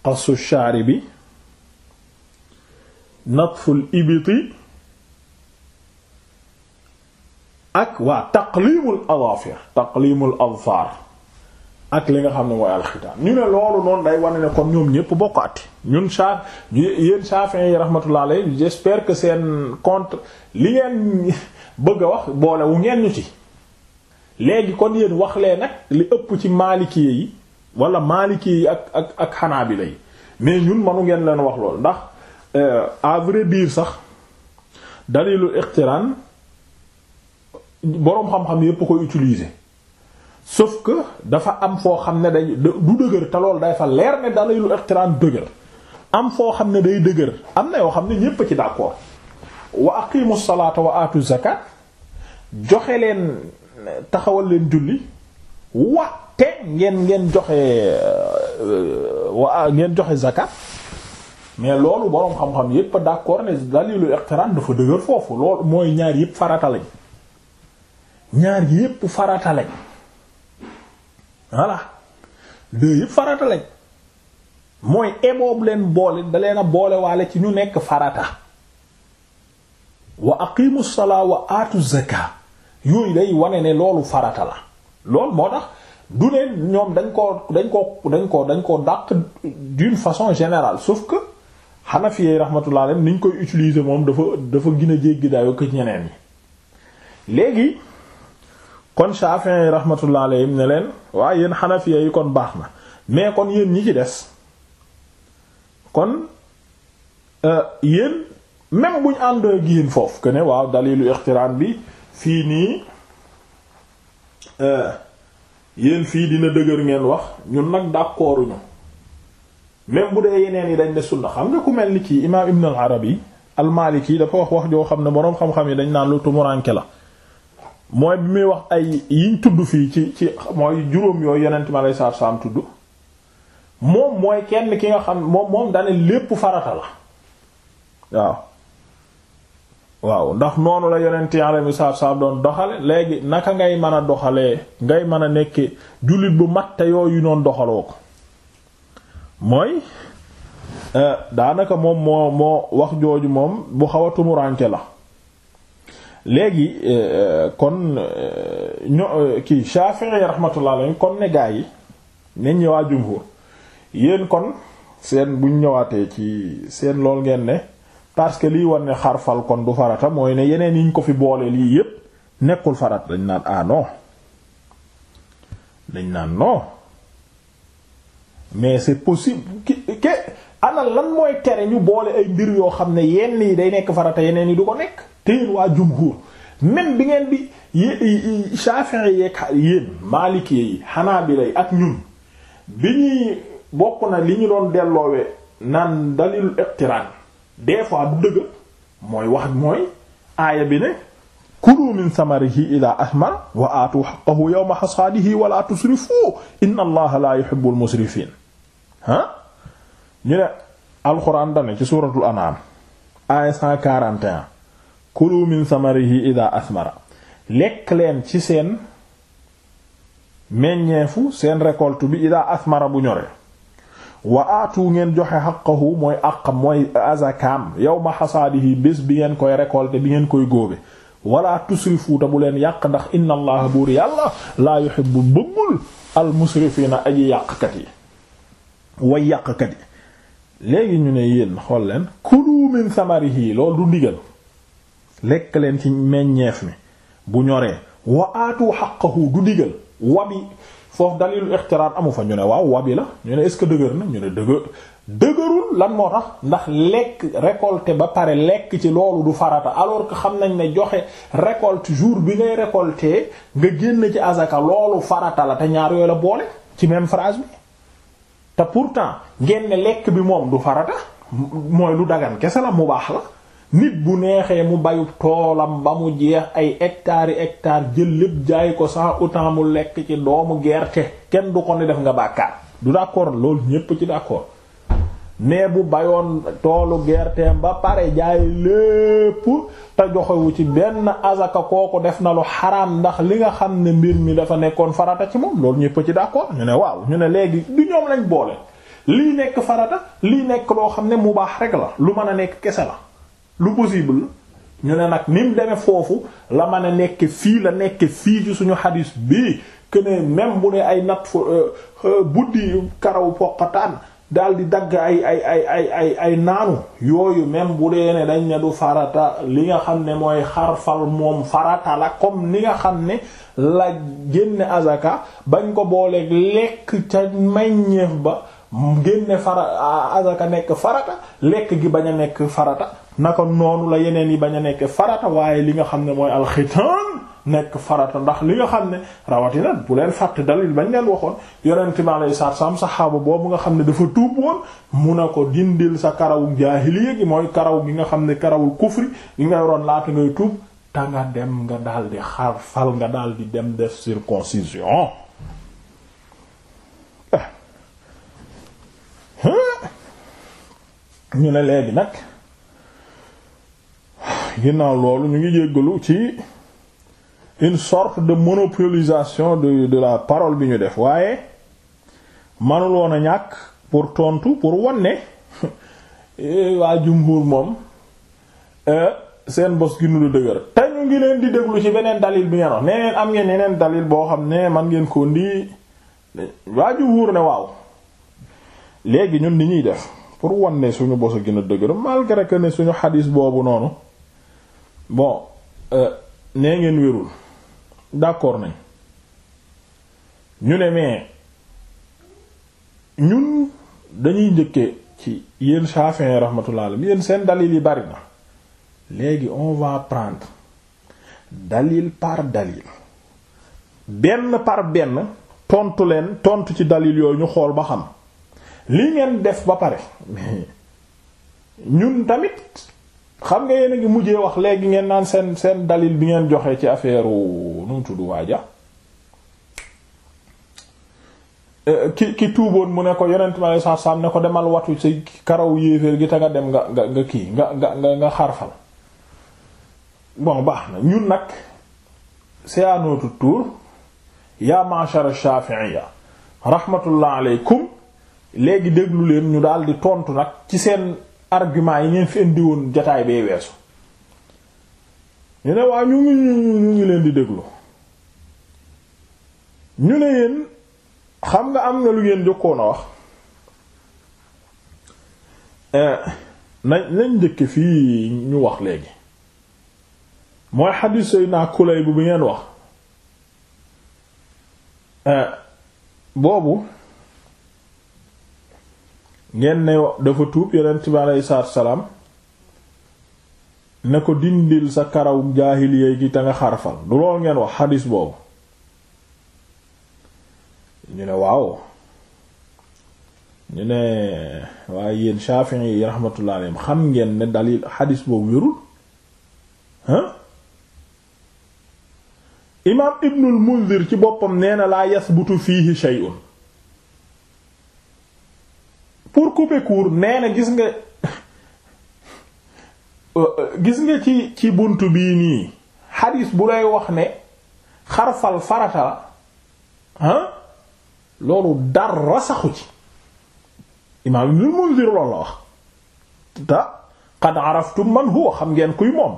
qasu shaaribi natful ibiti ak waa taqlimul adafir taqlimul adfar ak li nga xam ne mooy alxitaan ñu ne loolu noonu day wane ne kon ñoom ñépp bokk ati ñun saa yéen Shafi'i yi rahmatullah alayhi j'espère que seen contre li ngeen bëgg a wax boole wu ngeen ñu ci léegi kon yéen wax lee nag li ëpp ci Maliki yi wala Maliki yi ak ak ak Hanabila yi mais ñun mënu ngeen leen wax loolu ndax euh, à vrai dire sax dalilu iqtiran boroom xam-xam yépp koy utiliser sauf que dafa am foo xam ne dañ du dëgër te lool day fa leer ne dalay lu iqtiraan dëgër am foo xam ne day dëgër am na yoo xam ne ñépp ci d'accord wa aqimu salaata wa aatu zakat joxe leen taxawal leen julli waxte ngeen ngeen joxe euh, wa ngeen joxe zakat mais loolu boroom xam-xam yépp d'accord ne dalilu iqtiran dafa dëgër foofu loolu mooy ñaar yépp farata lañ ñaar yi yépp farata lañ voilà deux yépp farata lañ mooy eboob leen boole da leen a boole ci ñu nekk farata wa aqimu salaa wa aatu zaka yooyu day wane ne loolu farata la loolu moo tax du ne ñoom dañ ko dañ ko dañ ko dañ ko dàq d'une façon générale sauf que Hanafi yi rahmatullah alayhim niñ koy utiliser moom dafa dafa gën a jéggi dayo ko ñeneen yi léegi kon Shafi'i rahmatullah alayhi ne leen waaye yéen Hanafiya yi kon baax na mais kon yéen ñi ci des kon euh, yéen même buñ àndoo ak yéen foofu que ne waaw dalilu ixtiraan bi fii nii euh, yéen fii dina dëgër ngeen wax ñun nag d'accorduñu même bu dee yeneen yi dañ ne sunna xam nga ku mel ni kii imaam Ibn al-Arabi al-Maliki dafa wax wax joo xam ne boroom xam-xam yi dañ naan lu tumuraanke la mooy bi muy wax ay yiñ tudd fii ci ci mooy juróom yooyu yonent mi alayhi salaatu salaam tudd moom mooy kenn ki nga xam moom moom dane lépp farata la waaw ndax noonu la yonent yi alayhi salaatu salaam doon léegi naka ngay mën a doxalee ngay mën a nekke jullit bu mat te yooyu noonu doxaloo ko mooy eh, daanaka moom moo moo wax jooju moom bu xaw a tumuraanke la léegi euh, euh, kon euh, ño kii Shafi'i rahmatullah alayhi kon ne gaa yi ne ñëwaa jumhur yéen kon seen buñ ñëwaatee ci seen lool ngeen ne parce que liy wan ne xarfal kon du farata mooy ne yeneen yi ñu ko fi boole lii yépp nekkul farat dañ naan ah non dañ naan non mais c'est possible que ana lan mooy tere ñu boole ay mbir yoo xam ne yenn yi day nekk farata yeneen yi du ko nekk te yéen waa jumhur même bi ngeen di yé Shafi'i yeeg yéen Maliki yi yi ak ñun bi ñuy bokk na li ñu doon delloowe naan dalil iqtiraan des fois bu dëgg mooy wax mooy aaya bi ne kulu min samarihi ila ahmar wa aatu haqqahu yawma hasaadihi wa la tusrifu inna allaha la yuhibbul musrifin ha ñu ne alxuraan dane ci suuratul anaam aaya 141 kulu min samarihi ida asmara lekk leen ci seen meññeefu seen récolte bi ida asmara bu ñore wa aatu ngeen joxe xaqahu mooy àqam mooy azakam yawma xasaadihi bés bi ngeen koy récolter bi ngeen koy góobe wala tusrifuuta bu leen yàq ndax inna allaha buur yàlla laa yuhibbu bëggul al musrifiina aji yàqkat yi way yàqkat yi léegi ñu ne yéen xool leen kulu samari samarihi loolu du ndigal lekk leen ci meññeef mi bu ñoree wa aatu xaqahu du ndigal wabi foofu dalilu ixtiraar amu fa ñu ne waaw wabi la ñu ne est-ce que dëgër na ñu ne dëgër dëgërul lan moo tax ndax lekk récolter ba pare lekk ci loolu du farata alors que xam nañ ne joxe récolte jour bi ngay récolter nga génn ci azaka loolu farata la te ñaar yooyu la boole ci même phrase bi te pourtant ngeen lekk bi moom du farata mooy lu dagan kese la mu baax la nit bu neexee mu bayu toolam ba mu jeex ay hectares yi hectares jël lépp jaay ko sans autant mu lekk ci doomu gerte kenn du ko ne def nga bàkkaar du d'accord loolu ñépp ci d'accord mais bu bayoon toolu gerteem ba pare jaay lépp te joxewu ci benn azaka kooku def na lu xaraam ndax li nga xam ne mbir mi dafa nekkoon farata ci moom loolu ñëpp ci d'accord ñu ne waaw ñu ne léegi du ñoom lañ boole lii nekk farata lii nekk loo xam ne mu baax rek la lu mën a nekk kese la lu possible ñu ne nag ni mu foofu la mën a nekk fii la nekk fii ci suñu xadis bii que ne même bu ne ay nat euh, euh, buddi karaw poqataan daal di dagg ay ay ay ay ay ay naanu yooyu même bu dee ne dañ ne du farata li nga xam ne mooy xarfal moom farata la comme li nga xam ne la génne azaka bañ ko booleeg lekk ca meññeef ba génne fara azaka nekk farata lekk gi bañ a nekk farata naka noonu la yeneen yi bañ a nekk farata waaye li nga xam ne mooy alxitaan nekk farata ndax li nga xam ne rawatina bu leen fàtte dalil bañ leen waxoon yonent mi alayhi salaam saxaaba boobu nga xam ne dafa tuub woon mun a ko dindil sa karawu jaahiliya gi mooy karaw bi nga xam ne karawul kufri gi nga yoroon laata ngay tuub te nga dem nga daal di xarfal nga daal di dem def circoncision ñu ne léegi nag ginnaaw loolu ñu ngi jéggalu ci une sorte de monopolisation de de la parole bi ñu def waaye manul woon ñàkk pour tontu pour wanne eh, waa jumhur moom eh, seen bos gi nu la dëgër te ñu ngi leen di déglu ci beneen dalil bi ngeen wax nee am ngeen yeneen dalil boo xam ne man ngeen ko ndi waa jumhur ne waaw léegi ñun ni ñuy def pour wan ne suñu bosa gën a dëgër malgré que ne suñu xadis boobu noonu bon euh, nee ngeen wérul d'accord nañ ñu ne mais ñun dañuy njëkkee ci yéen chafin rahmatullah alayhi yéen seen dalil yi bari léegi on va prendre dalil par dalil benn par benn tontu leen tontu ci dalil yooyu ñu xool ba xam lii ngeen def ba pare ñun tamit xam nga yéen ngi mujjee wax léegi ngeen naan seen seen dalil bi ngeen joxee ci affaire nu mu tudd waaja euh, ki ki tuuboon mu ne ko yonent ma saa saam ne ko demal watu ci karaw yéeféer gi te nga dem nga nga nga kii nga nga nga xarfal bon baax na ñun nag c'est à notre tour ya ma'shar ash léegi déglu leen ñu daal di tontu nag ci seen argument yi ngeen feen indi woon jataay bee weesu ñu ne waa ñu ngi ñu ngi leen di déglu ñu ne yéen xam nga am na lu ngeen jokkoon a wax eh, nañ nañ njëkk fii ñu wax léegi mooy xadiis Seydina Kulayb bu bi ngeen wax eh, boobu ngeen ne dafa tuub yonent bi aleyhi salaatu salaam ne ko dindil sa karaw jaahiliya gi te nga xarfal du lool ngeen wax xadis boobu ñu ne waaw ñu ne waaye yéen Shafi'i yi rahmatullah alayhim xam ngeen ne dalil xadis boobu wérul ah imaam Ibnul Munzir ci boppam nee na laa yas butu fii shay'un pour couper court gis nga euh, euh, gis nga ci ci bunt bii nii xadis bu lay wax ne xarfal farata la ah loolu dara saxu ci imaam Ibnul Munzir loolu la wax te qad araftum man huwa xam ngeen kuy moom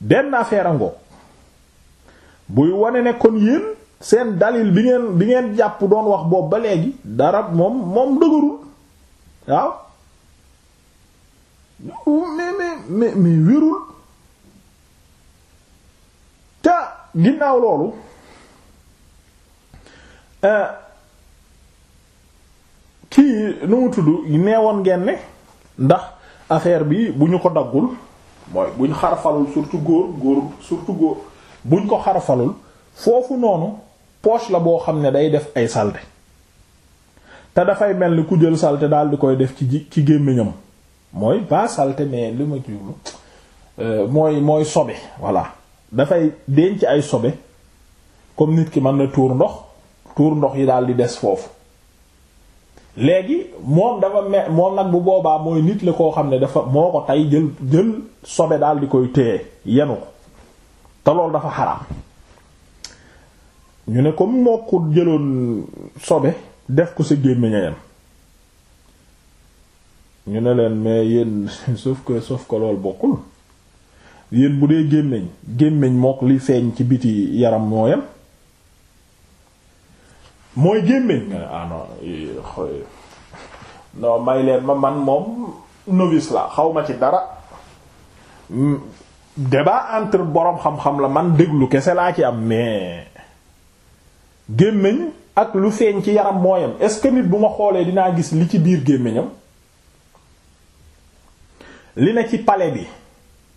benn affaire a buy wane ne kon yéen seen dalil bi ngeen bi ngeen jàpp doon wax boobu ba léegi dara moom moom dëgërul waaw mais mais mais wérul te ginnaaw loolu euh, kii nu mu tudd neewoon ngeen ne ndax affaire bi bu ñu ko daggul mooy buñ xarafalul surtout góor góor surtout góor buñ ko xarafalul foofu noonu poche la boo xam ne day def ay saleté te dafay mel ni ku jël saleté daal di koy def ci ci gémmiñam mooy ba saleté mais li ma jublu euh, mooy mooy sobe voilà dafay denc ay sobe comme nit ki mën na tuur ndox tuur ndox yi daal di des foofu léegi moom dafa me moom nag bu boobaa mooy nit la koo xam ne dafa moo ko tey jël jël sobe daal di koy téye yenu ko te loolu dafa xaraam ñu ne comme moo ko jëloon sobe def ko sa gémmiñ a ñu ne leen mais yéen suuf que sauf que loolu bokkul yéen bu dee gémmiñ gémmiñ mook li feeñ ci biti yaram moo yem mooy gémmiñ nga ne ah non ma man moom novice la xaw ma ci dara hmm, débat entre borom xam-xam la man déglu kese laa ci am mais gémmiñ ak lu feeñ ci yaram mooyam est-ce que nit bu ma xoolee dinaa gis li ci biir gémmiñam li na ci pale bi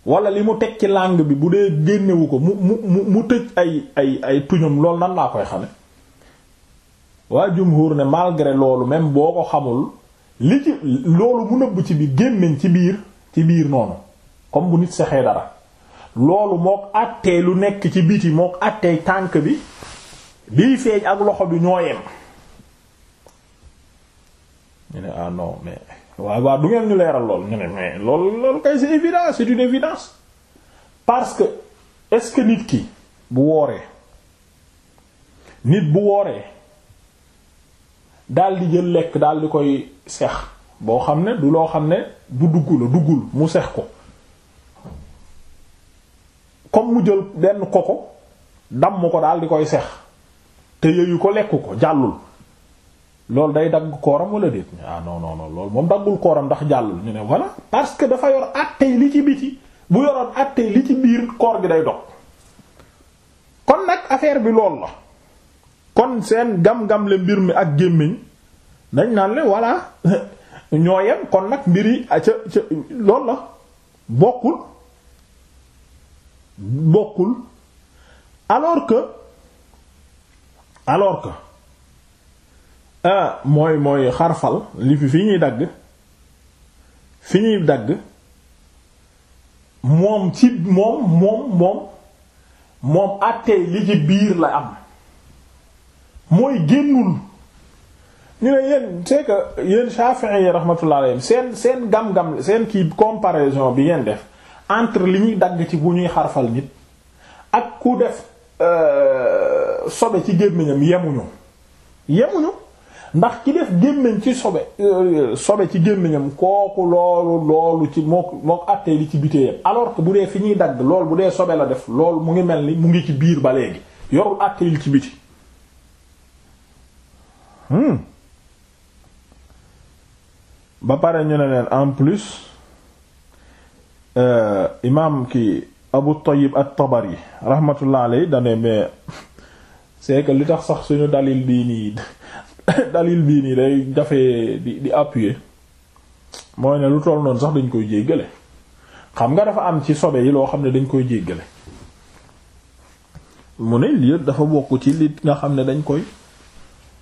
wala li mu teg ci làng bi bu dee génnewu ko mu mu mu tëj ay ay ay tuñum loolu nan laa koy xame waa jumhur ne malgré loolu même boo ko xamul li ci loolu mu nëbb ci biir gémmiñ ci biir ci biir noonu comme bu nit sexee dara loolu mook àttee lu nekk ci biti mook àttee tànk bi bii feeñ ak loxo bi ñoo yem ñu ne ah non mais waaw waaw du ngeen ñu leeral lool ñu mais lool lool kay c'est évident c'est une évidence parce que est-ce que nit ki bu wooree nit bu wooree daal di jël lekk daal di koy sex boo xam ne du loo xam ne bu dugg la duggul mu sex ko comme mu jël benn koko damm ko daal di koy sex te yëyu ko lekk ko jàllul loolu day dagg kooram wala déet ah non non non moom daggul kooram ndax jàllul ñu ne voilà parce que dafa yor àttey li ci biti bu yoroon àttey li ci biir koor gi day dog kon nag affaire bi lool la kon seen gam-gam le mbir mi ak gémmiñ dañ naan le voilà ñoo yem kon nag mbir yi ah, ca ca loolu la bokkul bokkul alors que. alors que ah, mooy mooy xarfal li fi fi ñuy dagg fi ñuy dagg moom ci moom moom moom àttee li ci biir la am mooy génnul ñu ne yéen c'est que yéen Shafi'i yi seen seen gam-gam seen kii comparaison bi ngeen def entre li ñuy dagg ci bu ñuy xarfal nit ak ku def euh, sobe ci gémmiñam yemuñu yemuñu ndax ki def gémmiñ ci sobe euh, sobe ci gémmiñam kooku loolu loolu ci mook mook àttee ci bitéeyam alors bu dee fi ñuy dagg loolu bu dee sobe la def loolu mu ngi mel ni mu ngi ci biir ba léegi yorul àttee li ci biti hmm. ba pare ñu ne leen en plus euh, imaam ki Abu Tayyib at yi rahmatullah alayhi dane mais c'est li tax sax suñu dalil bii nii dalil bii nii day dafee di appuye appuyer mooy ne lu toll noonu sax dañ koy jéggale xam nga dafa am ci sobe yi loo xam ne dañ koy jéggale mu ne lii dafa bokk ci li nga xam ne dañ koy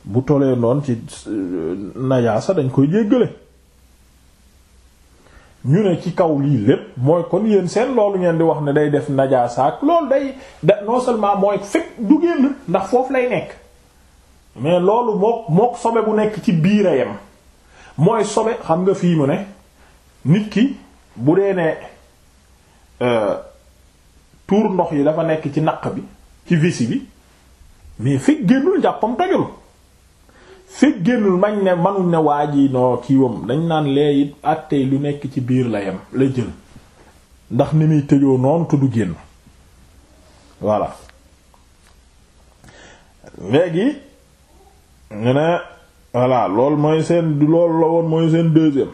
bu tolee noonu ci euh, najaasa dañ koy jéggale ñu ne ci kaw lii lépp mooy kon yéen seen loolu ngeen di wax ne day def najaasa ak loolu day da non seulement mooy fekk du génn ndax foofu lay nekk mais loolu mook mook sobe bu nekk ci biir a yem mooy sobe xam nga fii mu ne nit ki bu dee ne euh, tuur ndox yi dafa nekk ci naq bi ci visi bi mais fekk génnul jàppam tajul fekk génnul mañ ne manuñ ne waa ji noo kiiwam dañ naan lee it àttee lu nekk ci biir la yem la jël ndax ni muy tëjoo noonu du génn voilà léegi ñu ne voilà loolu mooy seen loolu la woon mooy seen deuxième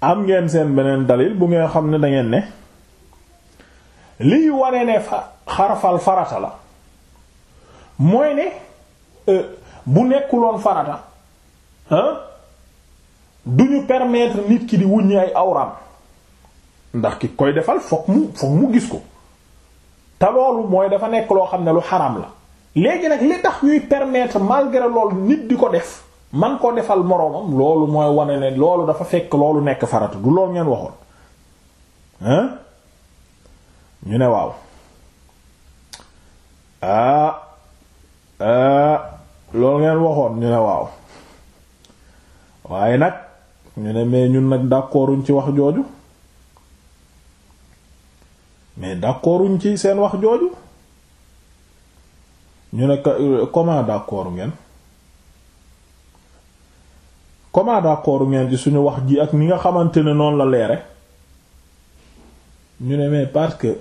am ngeen seen beneen dalil bu ngeen xam ne dangeen ne liy waree ne fa xarafal farata la mooy ne. Euh, bu nekkuloon farata hein du ñu permettre nit ki di wuññi ay awraam ndax ki koy defal fokk mu fokk mu gis ko te loolu mooy dafa nekk loo xam ne lu xaraam la léegi nag li tax ñuy permettre malgré loolu nit di ko def man ko defal moroomam loolu mooy wane loolu dafa fekk loolu nekk farata du loolu ngeen waxoon hein ñu ne waaw ah, ah. loolu ngeen waxoon ñu ne waaw waaye nag ñu ne mais ñun nag d'accorduñ ci wax jooju mais d'accorduñ ci seen wax jooju ñu ne comment d'accord ngeen comment d'accord ngeen ci suñu wax ji ak ni nga xamante ne noonu la leere ñu ne mais parce que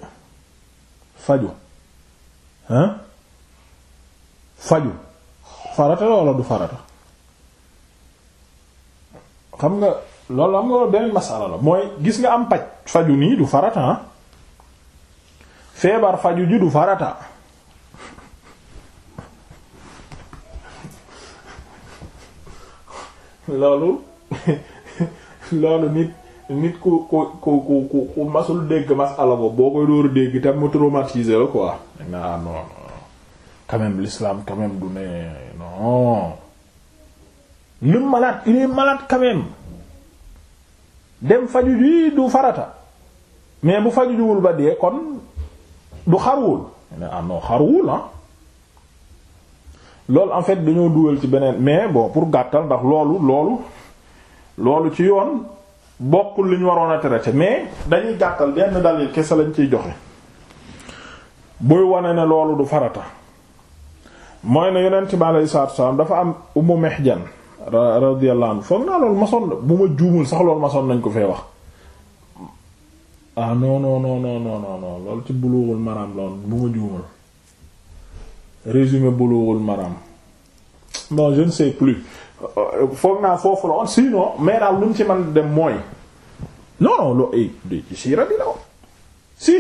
faju hein faju farata la du farata xam nga loolu am nga loolu beneen masala la mooy gis nga am paj faju nii du farata ah? feebar faju ji du farata loolu loolu nit nit ku ku ku ku ku masul dégg masala boobu boo koy dóoru dégg tam mu traumatisé la quoi ah, non non quand lislaam l'islam quand même du ne non le malade il est dem faju ji du farata mais bu faju jiwul ba dee kon du xarwul ne ah, ah loolu en fait dañoo dugal ci beneen mais bon pour gàttal ndax loolu loolu loolu ci yoon bokkul li ñu waroon a traité mais dañuy gàttal benn dalil kese lañ ciy joxe buy wane ne loolu du farata mooy ne yonent bi alayhi salaatu wassalaam dafa am Ummu Mihjan radiyallahu anha foog naa loolu masoon bu ma juumul sax loolu masoon nañ ko fee wax ah non non non non non loolu ci Bulughul Maram loolu bu ma juumul résumé Bulughul Maram non je ne sais plus foog naa foofu la woon sinon mais daal lu mu ci man dem mooy non non loo ay eh, ci siira bi la woon si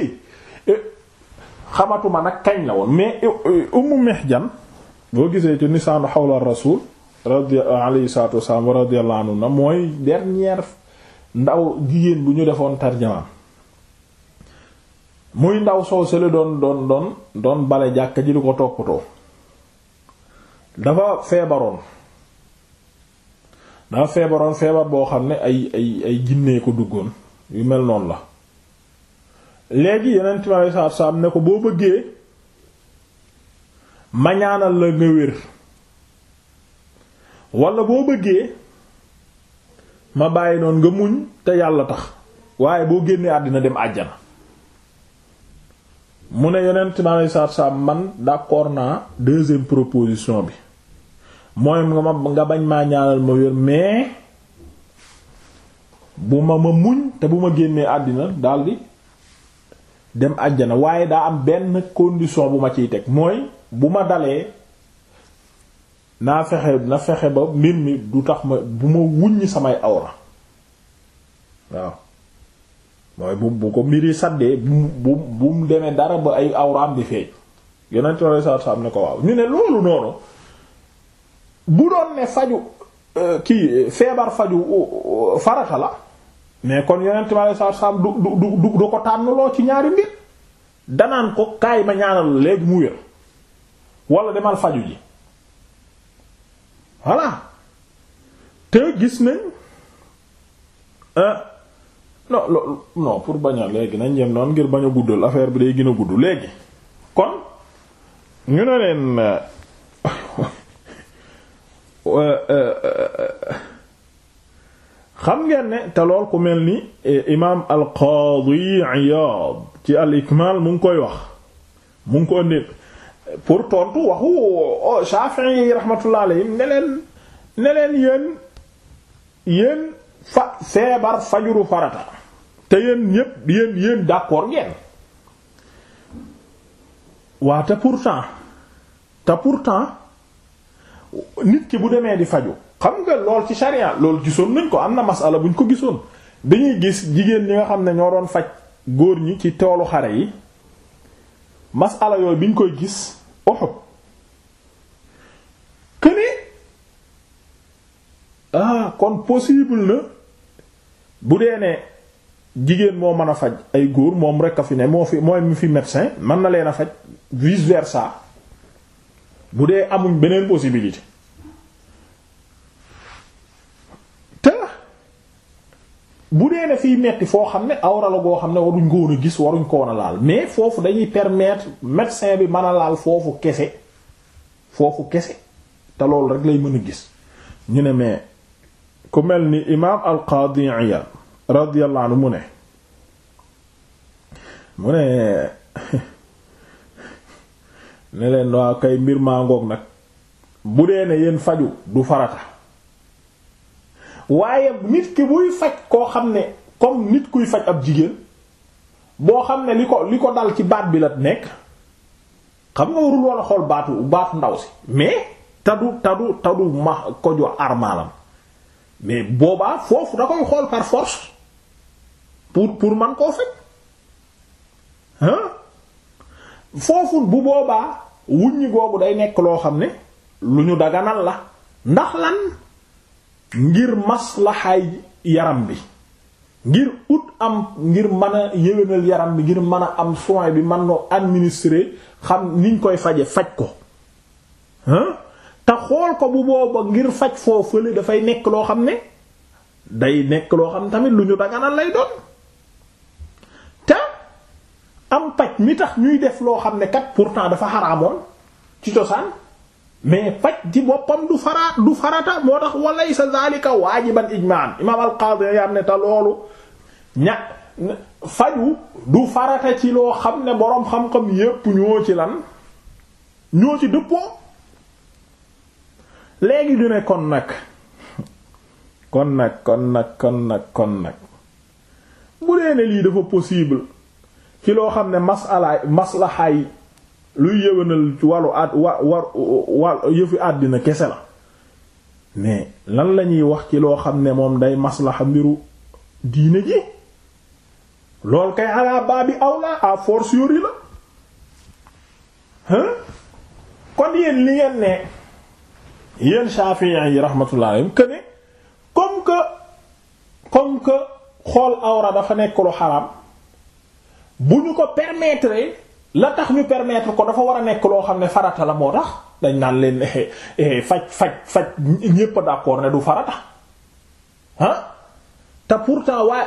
eh, xamatuma nag kañ la woon mais eh, Ummu Mihjan boo gisee ci nisaanu xawla rasul radia alayhi salatu wasalaam wa radiyallahu anhu na mooy dernière ndaw jigéen bu ñu defoon tarjamaam muy ndaw soo sele doon doon doon doon bale jàkka ji di ko toppatoo dafa feebaroon dafa feebaroon feebar boo xam ne ay ay ay jinnee ko duggoon yu mel noonu la léegi yeneen time ay saab saab ne ko boo bëggee ma la nga wér wala boo bëggee ma bàyyi noonu nga muñ te yàlla tax waaye boo génnee àddina dem àjjana mu ne yonent mi aleyhi salaatu salaam man d'accord naa deuxième proposition bi mooy ma nga bañ maa ñaanal ma wér mais bu ma ma muñ te bu ma génnee àddina daldi dem àjjana waaye daa am benn condition bu ma ciy teg mooy bu ma dalee naa fexe na fexe ba mbir mi du tax ma bu ma wuññi samay awra waaw mooy bu bu ko mbiri saddee bu bu bu mu demee dara ba ay awraam di feeñ yonent alayhi salaatu salaam ne ko waaw ñu ne loolu noonu bu doon ne faju euh, kii feebar faju farata la mais kon yonent ma saa saam du du du du ko tànnaloo ci ñaari mbir danaan ko kaay ma ñaanal léegi mu wér wala demal faju ji voilà te gis nañ ah, non non pour bañ léegi nañ yem noonu ngir bañ a guddal affaire bi day gin a gudd léegi kon ñu ne leen euh, euh, euh, xam ngeen ne te lool ku mel ni e, imaam al-Qaadi Iyaad ci al-Ikmaal mu ngi koy wax mu ngi ko indi pour tontu waxu oh, Shaafi'i yi rahmatullah alayhim ne leen ne yéen yéen fa feebar fajuru farata te yéen ñépp yéen yéen d'accord ngeen waa te pourtant te pourtant nit ki bu demee di faju xam nga lool ci sharia loolu gisoon nañ ko am na masala ñu ko gisoon dañuy gis jigéen ñi nga xam ne ñoo doon faj góor ñi ci toolu xare yi masala yooyu biñ koy gis Uhud këne ah kon possible na bu dee ne jigéen moo mën a faj ay góor moom rekk a fi ne moo fi mooy mu fi médecin mën na leen a faj vice versa bu dee amuñ beneen possibilité bu dee ne fii metti foo xam ne awra la goo xam ne waruñ ko a gis waruñ ko a laal mais foofu dañuy permettre médecin bi mën a laal foofu kese foofu kese te loolu rek lay mën a gis ñu ne mais ku mel ni imaam al-Qadi Iyad radiyallahu anhu mu ne mu ne ne leen waa kay mbir maa ngoog nag bu dee ne yéen faju du farata waaye nit ki buy faj koo xam ne comme nit kuy faj ab jigéen boo xam ne li ko li ko dal ci baat bi la nekk xam nga warul wala xool baatu baax ndaw si mais tadu tadu tadu ma ko jox armaalam mais boobaa foofu da koy xool par pour pour man koo faj hein foofu bu boobaa wuññi googu day nekk loo xam ne lu ñu daganal la ndax lan ngir maslaxaay yaram bi ngir ut am ngir mën a yéwénal yaram bi ngir mën a am soin bi mën noo administrer xam niñ koy faje faj ko hein te xool ko bu booba ngir faj foofu foofale dafay nekk loo xam ne day nekk loo xam ne tamit lu ñu daganal lay doon te am paj mi tax ñuy def loo xam ne kat pourtant dafa xaraamoon ci cosaan mais faj ci boppam du fara du farata moo tax walay sa zalika waajiban ijmaan imaam al-Qaadi Iyaad ne te loolu ña faju du farata ci loo xam ne boroom xam-xam yépp ñoo ci lan ñoo ci dëppoo léegi ñu ne kon nag kon nag kon nag kon nag kon nag bu dee ne lii dafa possible ci loo xam ne mas masalaay maslahaay luy yëwénal ci wàllu at wa war yëfi àddina kese la mais lan la ñuy wax ci loo xam ne moom day maslaxa mbiru diine ji lool kay ala bi aw la à force yori la hein kon yéen li ngeen ne yéen Shafi'i yi rahmatullah alayhim que ne comme que xool awra dafa nekk lu bu ñu ko permettre la tax ñu permettre ko dafa war a nekk loo xam ne farata la moo tax dañ naan leen eh, eh, faj faj faj ñépp a d'accord ne du farata ah te pourtant waa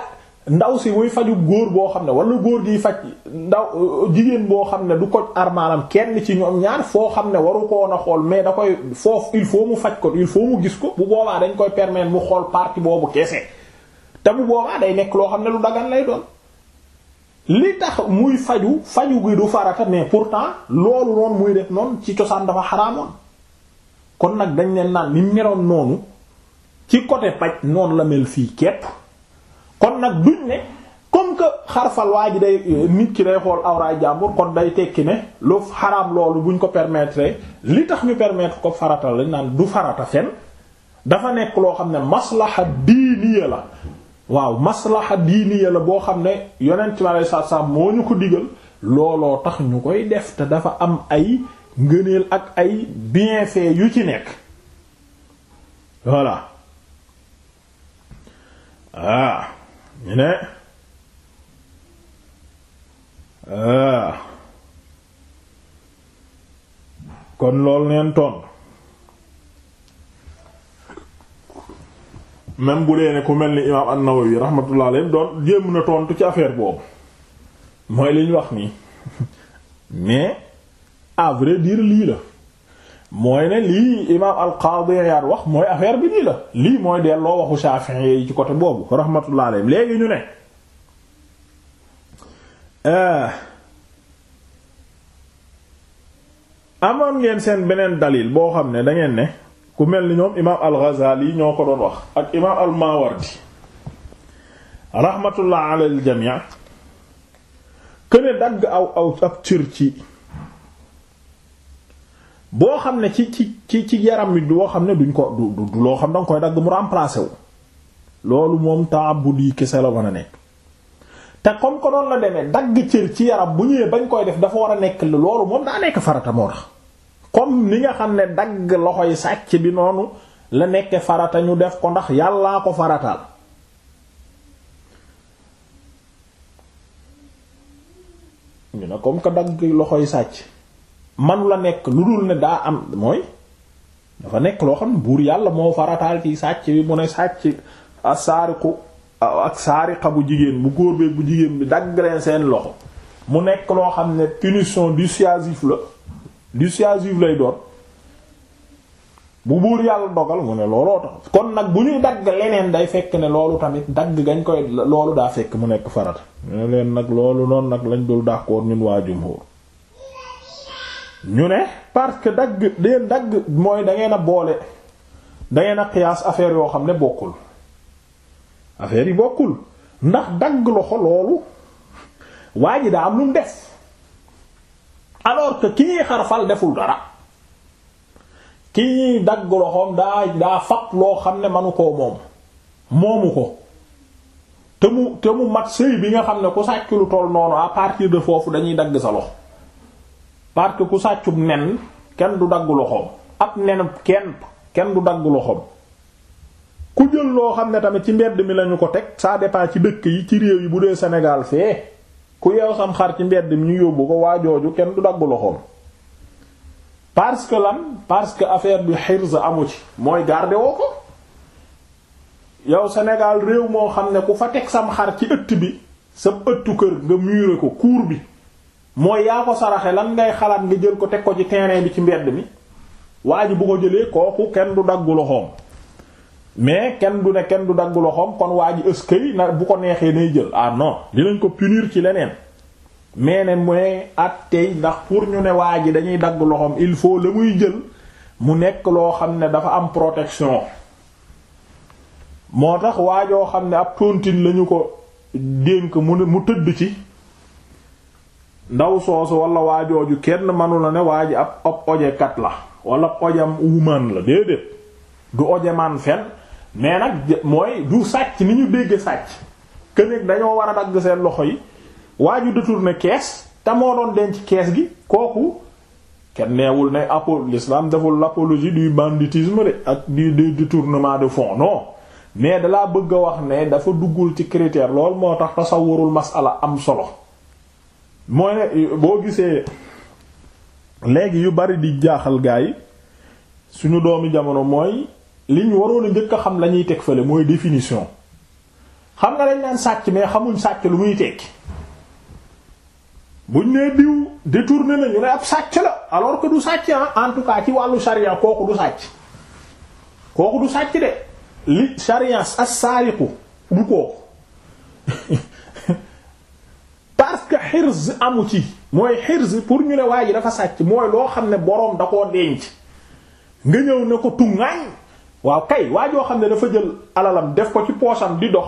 ndaw si muy faju góor boo xam ne wala góor gi faj ndaw euh, jigéen boo xam ne du ko armaalam kenn ci ñoom ñaan foo xam ne warul ko woon a xool mais da koy foofu il faut mu faj ko il foo mu gis ko bu boobaa dañ koy permettre mu xool partie boobu kese te bu boobaa day nekk loo xam ne lu dagan lay doon. li tax muy faju faju gi du farata mais pourtant loolu noonu muy def noonu ci cosaan dafa xaraamoon kon nag dañ leen naan ni meloon noonu ci côté paj noonu la mel fii képp kon nag duñ ne comme que xarfal waa ji day nit ki day xool awraay jàmbur kon day tekki ne lu xaraam loolu buñ ko permettre li tax ñu permettre ko farata lañ naan du farata fen dafa nekk loo xam ne maslaha diiniya la waaw maslaha diiniya la boo xam ne yonent bi aleyhi salaatu salaam moo ñu ko digal looloo tax ñu koy def te dafa am ay ngëneel ak ay bienfaits yu ci nekk voilà ah ñu ne ah kon loolu neen ton même bu dee ne ku mel ni imaam an-Nawawi rahmatullah doon jéem na tontu ci affaire boobu mooy li wax nii mais à vrai lii la mooy ne lii imaam al-Qaadi Iyaad wax mooy affaire bi lii la lii mooy delloo waxu Shaafi'i yi ci côté boobu rahmatullah alayhi léegi ñu ne euh, amoon ngeen seen beneen dalil boo xam ne dangeen ne. ku mel ni ñoom imaam al-Ghazali ñoo ko doon wax ak imaam al-Mawardi rahmatullah ala al-jami' këne dagg aw aw ab cër ci boo xam ne ci ci ci ci yaram wi woo xam ne duñ ko du du loo xam danga koy dagg mu remplacé wu loolu moom ta'abbud di kese la mën a nekk te comme ko noonu la demee dagg cër ci yaram bu ñëwee bañ koy def dafa war a nekk loolu moom daa nekk farata moo tax comme ni nga xam ne dagg yi sàcc bi noonu la nekke farata ñu def ko ndax yàllaa ko farataal ñu ne comme que dagg loxoy sàcc man la nekk lu dul ne daa am mooy dafa nekk loo xam ne buur yàlla moo farataal ci sàcc bi mu ne sàcc ak saariqu ak saariqa bu jigéen bu góor beeg bu jigéen bi dagg leen seen loxo mu nekk loo xam ne punition dissuasive la dissuasive lay doon bu buur yàlla dogal mu ne looloo tax kon nag bu ñuy dagg leneen day fekk ne loolu tamit dagg gañ koy loolu daa fekk mu nekk farata ñu ne leen nag loolu nag lañ dul d'accord ñun waa jumhur ñu ne parce que dagg deen dagg mooy da a boole da ngeen a qiyaas affaire yoo xam ne bokkul affaire yi bokkul ndax dagg loxo loolu waa ji daa am lu mu def alors que ki ñuy xarfal deful dara ki ñuy dagg loxoom daa daa fab loo xam ne manu koo moom moomu ko te mu te mu mat sëy bi nga xam ne ku sàcc lu toll noonu à partir de foofu dañuy dagg sa loxo parce que ku sàccub nen kenn du dagg loxoom ab nen kenn kenn du dagg loxoom ku jël loo xam ne tamit ci mbedd mi lañu ko teg ça dépend ci dëkk yi ci réew yi bu dee Sénégal fee ku yeew sam xar ci mbedd mi ñu yóbbu ko waa jooju kenn du daggu loxoom parce que lan parce que affaire bi xirsa amu ci mooy gardewoo woo ko yow Sénégal réew moo xam ne ku fa teg sam xar ci ëtt bi sa ëttu kër nga muure ko kuur bi mooy yaa ko saraxe lan ngay xalaat nga jël ko teg ko ci terrain bi ci mbedd mi waa bu ko jëlee kooku kenn du daggu loxoom mais kenn du ne kenn du dagg loxoom kon waa ji ëskay na bu ko neexee nay jël ah non dinañ ko punir ci leneen mais ne mooy attey ndax pour ñu ne waa ji dañuy dagg loxoom il faut la muy jël mu nekk loo xam ne dafa am protection moo tax waajoo xam ne ab tontine lañu ko dénk mu ne mu tëdd ci ndaw soosu wala waajooju kenn manu la ne waa ji ab ab ojekat la wala ojam wumaan la déedéet du ojemaan fen mais nag mooy du sàcc ni ñu dégg sàcc que nag dañoo war a dagg seen loxo yi waa ju détourné kees te moo doon denc kees gi kooku kenn neewul ne apo l'islam deful l'apologie du banditisme de ak du du détournement de fonds non mais dalaa bëgg a wax ne dafa duggul ci critère lool moo tax tasawurul masala am solo mooy euh, boo gisee léegi yu bari di jaaxal gaa yi suñu doomi jamono mooy liñ waroon a njëkk a xam la ñuy teg fële mooy définition xam nga lañ naan sàcc mais xamuñ sàcc lu muy tekki buñ nee diw détourné nañu ne ab sàcc la alors que du sàcc en tout cas ci wàllu charia kooku sàcc kooku du sàcc de li charia as-sariqu du kooku parce que xirz amu ci mooy xirz pour ñu ne waa ji dafa sàcc mooy loo xam ne boroom da koo denc nga ñëw ne ko tuŋaañ waaw kay waa joo xam ne dafa jël alalam def ko ci poosam di dox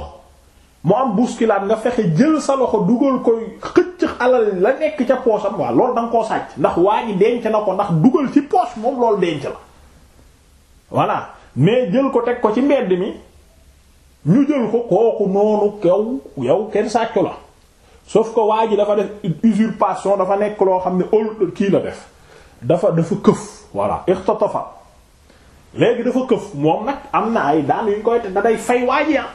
mu am bousculade nga fexe jël sa loxo dugal koy xëcc alal la nekk ca poosam waa lool da koo sàcc ndax waa ji denc na ko ndax dugal ci poos moom loolu denc la voilà mais jël ko teg ko ci mbedd mi ñu jël ko kooku noonu yow yow kenn sàccu la sauf ko waa ji dafa def usurpation dafa nekk loo xam ne ol kii la def dafa dafa këf voilà ixtatafa léegi dafa këf moom nag am na ay daan yuñ koy te da day fay waaji ah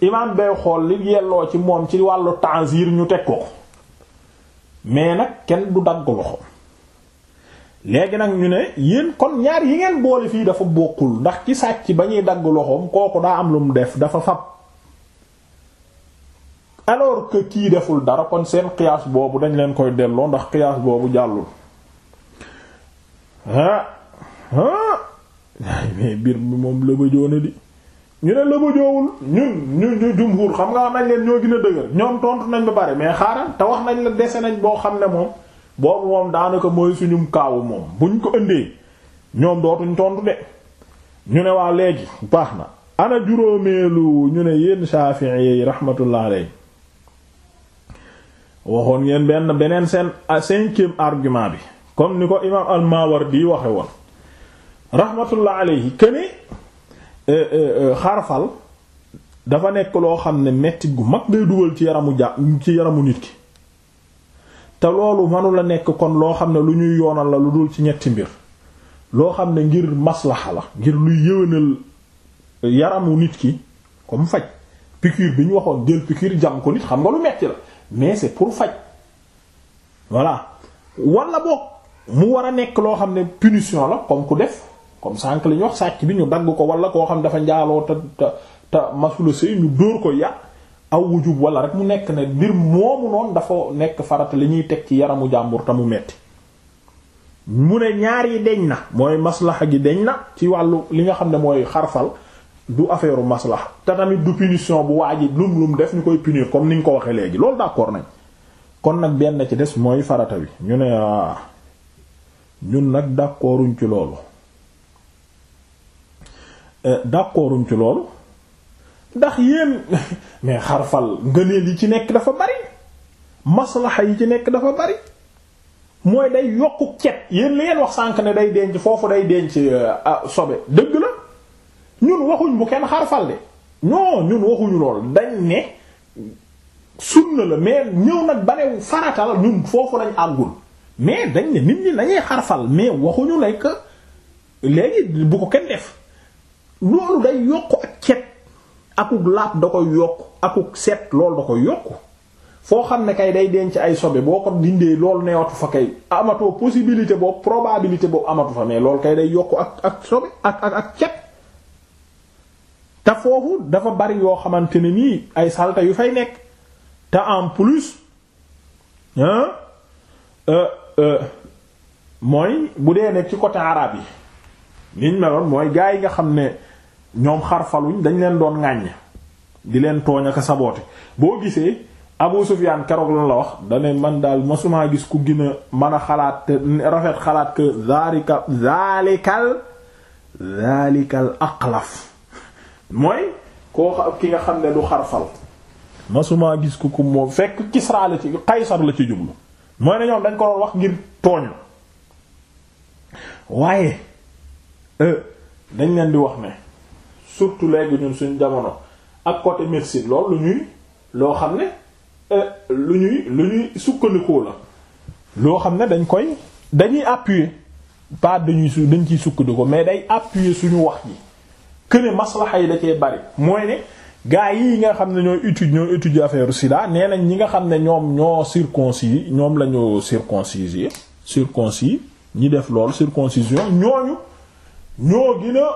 imaam xool li yelloo ci moom ci wàllu tanzir ñu teg ko mais nag kenn du dagg loxo léegi nag ñu ne yéen kon ñaar yi ngeen boole fii dafa bokkul ndax ci sàcc ba ñuy dagg loxoom kooku daa am lu mu def dafa fab alors que kii deful dara kon seen qiyaas boobu dañ leen koy delloo ndax qiyaas boobu jàllul ah ah mais mbir mi moom lëbëjoo na di ñu ne lëbëjoowul ñun ñu ñu jumhur xam nga wax nañ leen ñoo gën a dëgër ñoom tontu nañ ba pare mais xaaral te wax nañ la dese nañ boo xam ne moom boobu moom daanaka mooy suñum kaawu moom buñ ko ëndee ñoom dootuñ tontu de ñu ne waa léegi baax na ana juróomeelu ñu ne yéen Shafi'i yi rahmatullah alayhi waxoon ngeen benn beneen seen ah, cinquième argument bi comme ni ko imaam al-Mawardi waxe woon rahmatullah alayhi këne xarfal euh, euh, euh, dafa nekk loo xam ne mettit gu mag lay dugal ci yaramu jà ci yaramu nit ki te loolu mënula nekk kon loo xam ne lu ñuy yoonal la lu dul ci ñetti mbir loo xam ne ngir maslaxa la ngir luy yëwénal yaramu nit ki comme faj piqûre bi ñu waxoon jël piqûre jam ko nit xam nga lu metti la mais c'est pour faj voilà wala boog mu war a nekk loo xam ne punition la kom ku def comme sànq li ñu wax sàcc bi ñu dagg ko wala koo xam dafa njaaloo te te te masula sëy ñu dóor ko ya aw wujub wala rek mu nekk ne mbir moomu noonu dafa nekk farata li ñuy teg ci yaramu jàmbur te mu metti mu ne ñaar deñ na mooy maslaxa gi deñ na ci wàllu li nga xam ne mooy xarfal du affaire maslaxa te tamit du punition bu waa ji lum lum def ñu koy punir comme ni nga ko waxee léegi loolu d'accord nañ kon nag benn ci des mooy farata bi ñu ne ah, ñun nag d'accorduñ ci loolu Euh, d'accorduñ ci loolu ndax yéen mais xarfal ngëneel yi ci nekk dafa bari maslaxa yi ci nekk dafa bari mooy day yokku cet yéen li wax sànq ne day denc foofu day denc euh, ah, sobe dëgg la ñun waxuñ bu kenn xarfal de non ñun waxuñu lool dañ ne sunna la mais ñëw nag ba ne farata ñun foofu lañ àggul mais dañ ne nit ñi nañuy xarfal mais waxuñu nekk léegi bu ko kenn def loolu day yokk ak cet akuk laab da koy yokk akuk set loolu da koy yokk foo xam ne kay day denc ay sobe boo ko dindee loolu newatu fa kay amatoo possibilité boobu probabilité boobu amatu fa mais loolu kay day yokk ak ak sobe ak ak ak cet te foofu dafa bari yoo xamante ne nii ay salte yu fay nekk te en plus hein euh, euh, mooy bu dee ne ci côté arabe yi niñ meloon mooy gaa yi nga xam ne ñoom xarfaluñ dañ leen doon ŋàññ di leen tooñ ak saboote boo gisee Abu Sufyaan keroog lan la wax dane man daal masumaa gis ku gën a mën a xalaat rafet xalaat que zaalika zaalikal zaalikal aqlaf mooy koo ki nga xam ne du xarfal masumaa gis ku ku moom fekk Kisra la ci Qaysar la ci jublu mooy ne ñoom dañ ko doon wax ngir tooñ waaye euh, dañ leen di wax ne surtout léegi ñun suñ jamono ak côté médecine loolu lu ñuy loo xam ne eh, lu ñuy lu ñuy sukkandikoo la loo xam ne dañ koy dañuy appuyer pas dañuy su dañ ciy sukkandikoo mais day appuyer suñu wax ji que ne maslaxa yi da cee bari mooy ne gaa yi nga xam ne ñooy étude ñooy étude affaire sida nee nañ ñi nga xam ne ñoom ñoo circoncis ñoom la ñu circoncis circoncis ñi def lool circoncision ñooñu ñoo gën a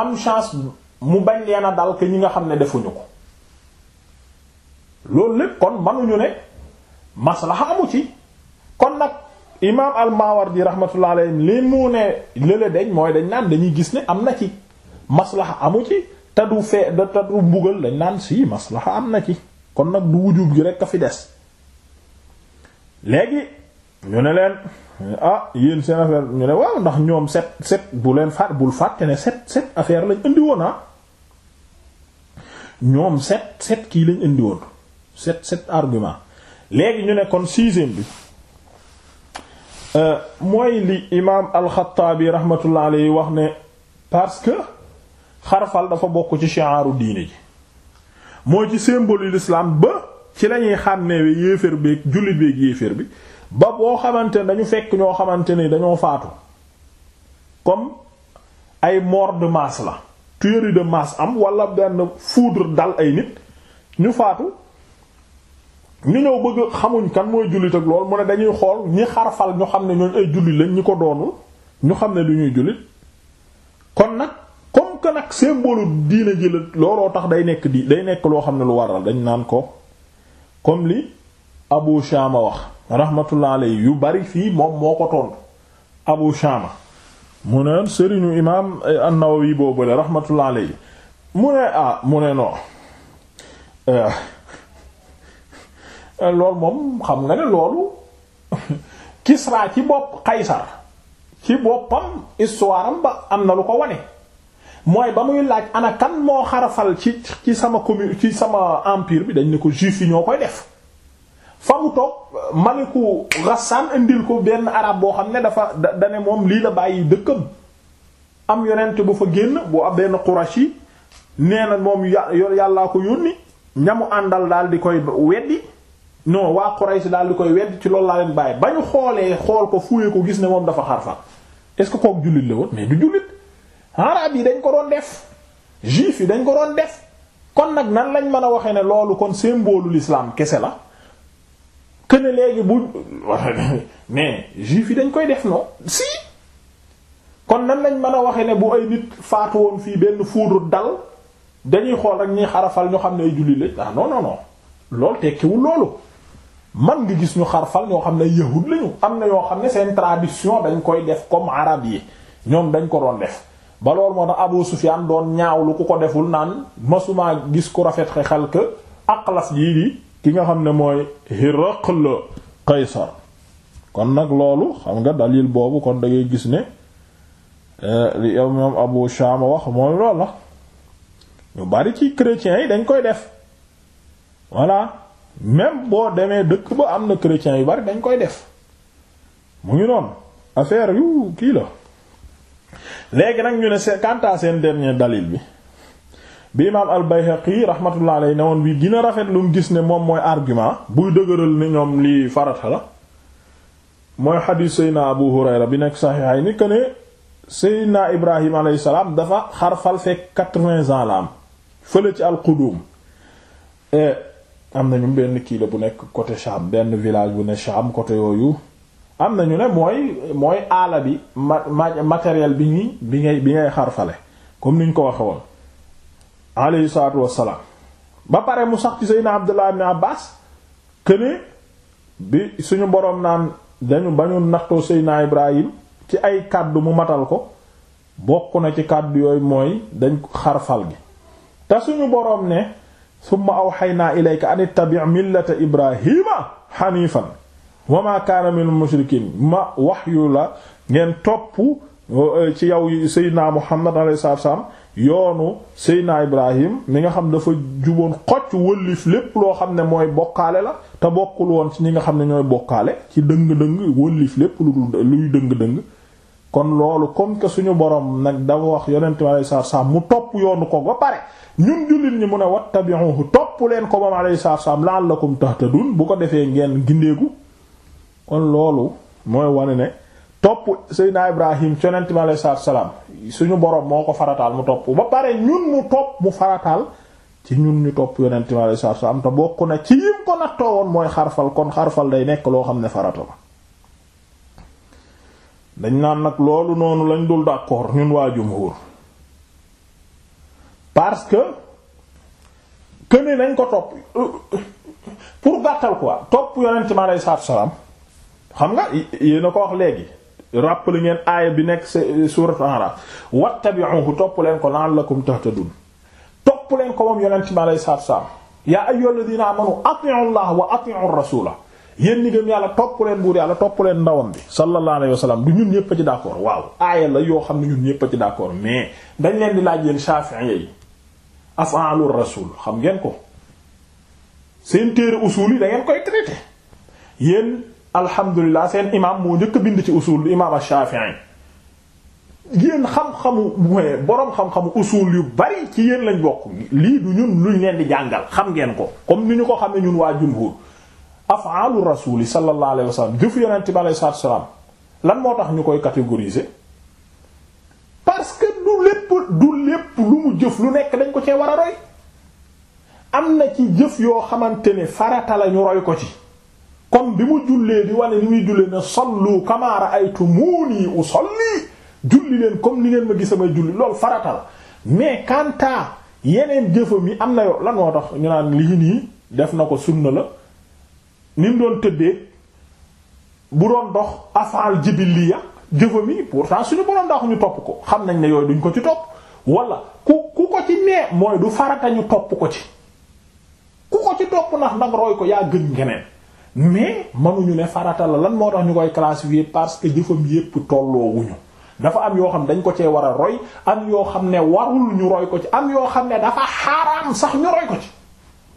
am chance mu bañ leen a dal ke ñi nga xam ne defuñu ko loolu lépp kon manuñu ne maslaxa amu ci kon nag imaam al-Mawardi rahmatullah alayhi li mu ne lële dañ mooy dañ naan dañuy gis ne am na ci maslaxa amu ci te du fee te du mbugal dañ naan si maslaxa am na ci kon nag du wujub gi rekk a fi des léegi ñu ne leen ah yéen seen bi ñu ne waaw ndax ñoom set set bu leen faat bul fàtte ne set set affaire lañ indi woon ah ñoom set set kii lañ indi woon set set argument léegi ñu ne kon sixième bi euh, mooy li imaam alxataabi rahmatullah alayhi wax ne parce que xarfal dafa bokk ci shi'aaru diine ji mooy ci symbole l'islam ba ci lañuy xàmnewe yéefér beeg jullit beeg yéefér bi ba boo xamante ne dañu fekk ñoo xamante ne dañoo faatu comme ay mort de la tuerie de masse am walla benn foudre dal ay nit ñu faatu ñu ñëw bëgg xamuñ kan mooy jullit ak lool mu ne dañuy xool ñi xarfal ñu xam ne ñooñ ay jullit lañ ñi ko doonul ñu xam ne lu ñuy jullit kon nag comme que nag symbole diina jëla looloo tax day nekk di day nekk loo xam ne lu waral dañ naan ko comme li Abu Shama wax rahmatullah alayhi yu bari fii moom moo ko tontu Abu Shama mu ne sëriñu imaam eh, an-Nawawi boobule rahmatullah alayhi mu ne ah mu ne non eh, loolu moom xam nga ne loolu Kisra ci bopp Qaysar ci boppam histoire am ba am na lu ko wane mooy ba muy laaj ana kan moo xarafal ci ci sama commune ci sama empire bi dañ ne ko juif yi ñoo koy def. fa mu toog maliku Ghassan indil ko benn arab boo xam ne dafa da ne moom lii la bàyyi dëkkam am yonent bu fa génn bu ab benn Qurashi nee na moom yàllaa ko yónni ñamu àndal daal di koy weddi non waa Quraysh daal di koy weddi ci loolu laa leen bàyyi ba ñu xoolee xool ko fuuyee ko gis ne moom dafa xarfal est-ce que kooku jullit la woon mais du jullit arab yi dañ ko doon def juif yi dañ ko doon def kon nag nan lañ mën a waxee ne loolu kon symbole l'islam kese la. que ne léegi bu mais juif yi dañ koy def non si kon nan lañ mën a waxee ne bu ay nit faatu woon fii benn foudre dal dañuy xool rek ñuy xarafal ñu xam ne ay julli ah, loolu tekkiwul loolu man nga gis ñu xarfal ñoo xam ne yahud lañu am na yoo xam ne seen tradition dañ koy def comme arab yi ñoom dañ ko doon def ba loolu moo tax Abu Sufyan doon ñaawlu ku ko deful naan masuma gis ku rafet xel que aqlaf jii di. ki nga xam ne mooy Hiraql Qaysar kon nag loolu xam nga dalil boobu kon da gis ne euh, li imam Abu Shama wax mooy loolu la ñu bari ci chrétiens yi dañ koy def voilà même boo demee dëkk ba am na chrétiens yu bari dañ koy def mu ngi noonu affaire yu kii la léegi nag ñu ne c'est quant à seen dernier dalil bi bi imaam al-Bayhaqi rahmatullahi alayhi ne woon bi gën rafet lu mu gis ne moom mooy argument buy dëgëral ni ñoom lii farata la mooy xadiis Seydina Abu Hurayra bi nekk saxiixaay ni que ne Seydina Ibrahim alayhi salaam dafa xarfal fekk quatre-vingts ans la am fële ci al e, am nañu benn kii la bu nekk côté Cham benn village bu ne Cham côté yooyu am nañu ne mooy mooy aala bi ma matériel bi ñuy bi ngay bi xarfale comme niñ ko waxe woon aleyhi salaatu wassalaam ba pare mu sax ci Seydina Abdullah ibn Abbas këne bi suñu boroom naan dañu bañu naxtoo Seydina Ibrahim ci ay kàddu mu matal ko bokk na ci kàddu yooyu mooy dañ xarfal gi te suñu boroom ne summa awxaynaa ilayka an ittabi' millata Ibrahima xaniifan wa maa kaana minal mushrikiin ma waxyu la ngeen topp eh, ci yow Seydina Muhammad alayhi salaatu wassalaam yoonu Seyna Ibrahim mi nga xam dafa juboon xocc wëllif lépp loo xam ne mooy bokkaale la te bokkul woon ci ñi nga xam ne ñooy bokkaale ci dëng-dëng wëllif lépp lu luy dëng-dëng kon loolu comme que suñu borom nag dafa wax yonente mi alayhi salaatu mu topp yoonu ko ba pare ñun jullit ñi mu ne wattabi'uhu topp leen ko ba moom la ko mu la'allakum tahtadun bu ko defee ngeen gindeegu kon loolu mooy wane ne topp Seydina Ibrahim ci yonent mi alayhi salaatu suñu boroom moo ko farataal mu topp ba pare ñun mu topp mu farataal ci ñun ñu topp yonent mi alayhi salaatu salaam te bokk na ci yim ko nattoo woon mooy xarfal kon xarfal day nekk loo xam ne farata la dañ naan nag loolu noonu lañ dul d'accord ñun waa jumhur parce que këne nañ ko topp pour gàttal quoi topp yonent mi salaam xam nga yéen a ko wax léegi rappali ngeen aaya bi nekk suurat Araf wattabi'uhu topp leen ko la la'allakum tahtadun topp leen ko moom yonent mi alayhi salaatu salaam yaa ayyuhalladhina amanu ati'u llaha wa ati'u rasula yéen ñi gëm yàlla topp leen buur yàlla topp leen ndawam bi sallallahu alayhi wa sallam du ñun ñëpp a ci d'accord waaw aaya la yoo xam ne ñun ñëpp a ci d'accord mais dañ leen di laaj yéen Shafi'i yi af'alur rasul xam ngeen ko seen téere usul yi da koy traité yéen alhamdulilah seen imaam moo njëkk bind ci usul imaam Ash-Shafi'i yéen xam-xamu mooy boroom xam-xamu usul yu bari ci yéen lañ bokk lii du ñun luñ leen di jàngal xam ngeen ko comme ni ñu ko xamee ñun waa jumhur af'aalu rasuuli sallallahu alayhi wa sallam jëfu yonent bi alayhi salaatu wa salaam lan moo tax ñu koy catégoriser parce que du lépp du lépp lu mu jëf lu nekk dañ ko cee war a roy am na ci jëf yoo xamante ne farata la ñu roy ko ci. comme bi mu jullee di wane ni muy jullee ne ay kamaa ra'aytumuuni usalli julli leen comme ni ngeen ma gis samay julli loolu farata mais kanta yeneen jëfam yi am na yo lan moo tax ñu naan lii nii def na ko sunna la ni mu doon tëddee bu doon dox afaal jibiliya jëfam yi pourtant suñu boroom daa ñu topp ko xam nañ ne yooyu duñ ko ci topp wala ku ku ko ci nee mooy du farata ñu topp ko ci ku ko ci topp ndax nag roy ko yaa gën ngeneen mais ñu ne farata la lan moo tax ñu koy classifier parce que jëfam yépp tolloowuñu dafa am yoo xam ne dañ ko cee war a roy am yoo xam ne warul ñu roy ko ci am yoo xam ne dafa xaaraam sax ñu roy ko ci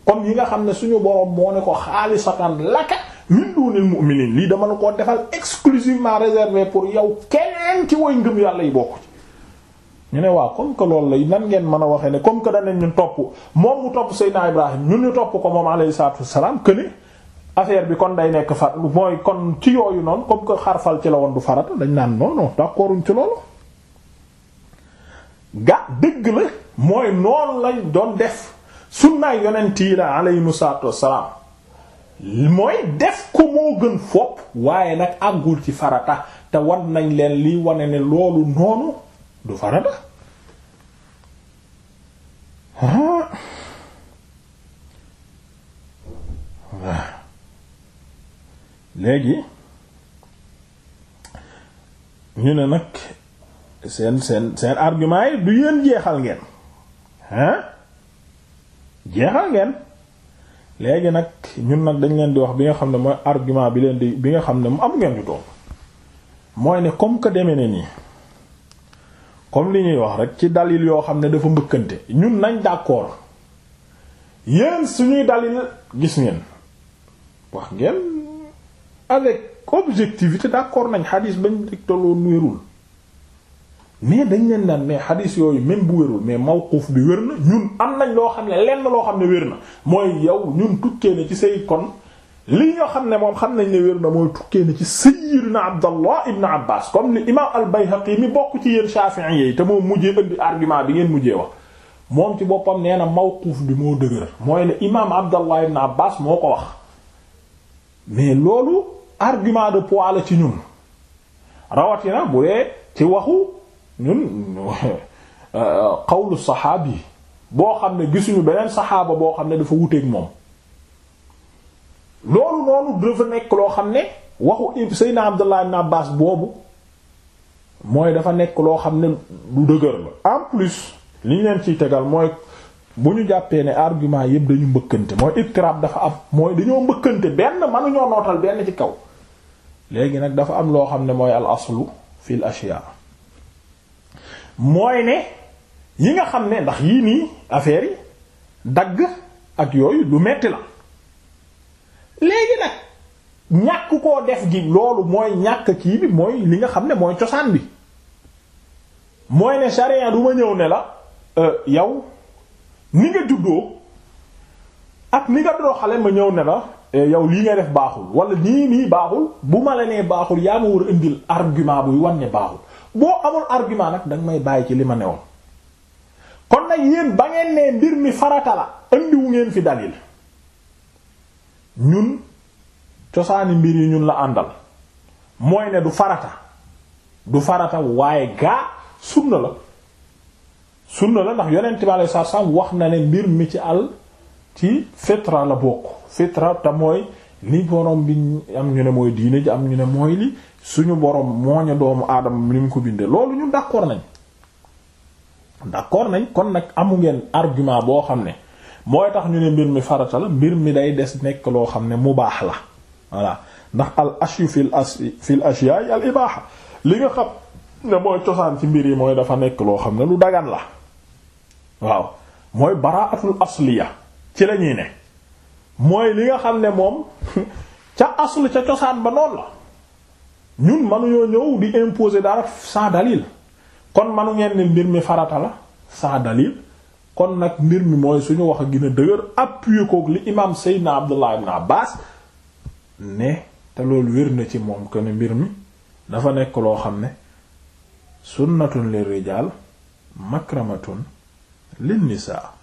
comme yi nga xam ne suñu boroom moo ne ko xaalisatan laka min dunil mu'minin lii dama la ko defal exclusivement réservé pour yow keneen ci woy ngëm yàlla yi bokk ci ñu ne waaw comme que loolu lay nan ngeen mën a waxee ne comme que danañ ñun topp moom mu topp Seydina Ibrahim ñun ñu topp ko moom alayhi salaatu wassalaam que affaire bi kon day nekk far mooy kon ci yooyu noonu comme que xarfal ci la woon du farata dañ naan non non d'accorduñ ci loolu ga dëgg la mooy noonu lañ doon def sunnaay yonent yi la aleyhimu salaatu wassalaam mooy def ko moo gën fopp waaye nag àggul ci farata te wan nañ leen liy wane ne loolu noonu du farata ah. léegi ñu ne nag seen seen seen argument yi du yéen jeexal ngeen hein jeexal ngeen léegi nag ñun nag dañ leen di wax bi nga xam ne mooy argument bi leen di bi nga xam ne mu am ngeen du doom mooy ne comme que demee ne nii comme li ñuy wax rek ci dalil yoo xam ne dafa mbëkkante ñun nañ d'accord yéen suñuy dalil gis ngeen wax ngeen avec objectivité d'accord nañ xadis bañ digtaloon wérul mais dañ leen naan mais xadis yooyu même bu wérul mais mawquuf bi wér na ñun am nañ loo xam ne lenn loo xam ne wér na mooy yow ñun tukkee ne ci say kon li ñoo xam ne moom xam nañ ne wér na mooy tukkee ne ci sayyidina Abdallah ibn Abbas comme li imaam al-Bayhaqi mi bokk ci yéen Shafi'i yi te moo mujjee indi argument bi ngeen mujjee wax moom ci boppam nee na mawquuf bi moo dëgër mooy ne imaam Abdallah ibn moo ko wax argument de poids la ci ñun rawatina bu dee ci waxu ñun xawlu euh, saxaabi boo xam ne gisuñu beneen saxaaba boo xam ne dafa wuteeg moom loolu noonu dafa nekk loo xam ne waxu Seydina Abdullah ibn Abbas boobu mooy dafa nekk loo xam ne du dëgër la en plus li ñu leen ciy tegal mooy bu ñu jàppee ne argument yépp dañu mbëkkante mooy ittirab dafa am mooy dañoo mbëkkante benn ñoo nootal benn ci kaw léegi nag dafa am loo xam ne mooy al aslu fil ashiya mooy ne yi nga xam ne ndax yii nii affaire dagg ak yooyu lu metti la léegi nag ñàkk koo def gi loolu mooy ñàkk kii bi mooy li nga xam ne mooy cosaan bi mooy ne sharia du ma ñëw ne la euh, yow ni nga juddoo ak ni nga doxale ma ñëw ne la Eh, yow lii ngay def baaxul wala nii nii baaxul bu ma la nee baaxul yaa ma war a argument buy wan ne baaxul boo amul argument nag danga may bàyyi ci li ma newoon. kon nag yéen ba ngeen nee mbir mi farata la indiwu ngeen fi dalil ñun cosaani mbir yi ñun la àndal mooy ne du farata du farata waaye gaa sunna la sunna la ndax yonent bi sallallahu alayhi wasallam wax na ne mbir mi ci àll. ci fitra la bokk fitra te mooy ni borom bi am ñu ne mooy diine ji am ñu ne mooy li suñu borom moo ñu doomu aadama ni mu ko bindee loolu ñun d'accord nañ d'accord nañ kon nag amu ngeen argument boo xam ne mooy tax ñu ne mbir mi farata la mbir mi day des nekk loo xam ne mu baax la voilà ndax al ashu fil as fil ashiya'i al ibaha li nga xam ne mooy cosaan ci mbir yi mooy dafa nekk loo xam ne lu dagan la waaw mooy baraatul asliya ci la ne mooy li nga xam ne moom ca aslu ca cosaan ba noonu la ñun manuñoo ñëw di imposer dara sans dalil kon manu ngeen mbir mi farata la sans dalil kon nag mbir mi mooy suñu wax a gën a dëgër appuyer koog li imam Seydina Abdullah ibn Abbas ne te loolu wér na ci moom que mbir mi dafa nekk loo xam ne sunnatun lirrijal makramatun linnisaa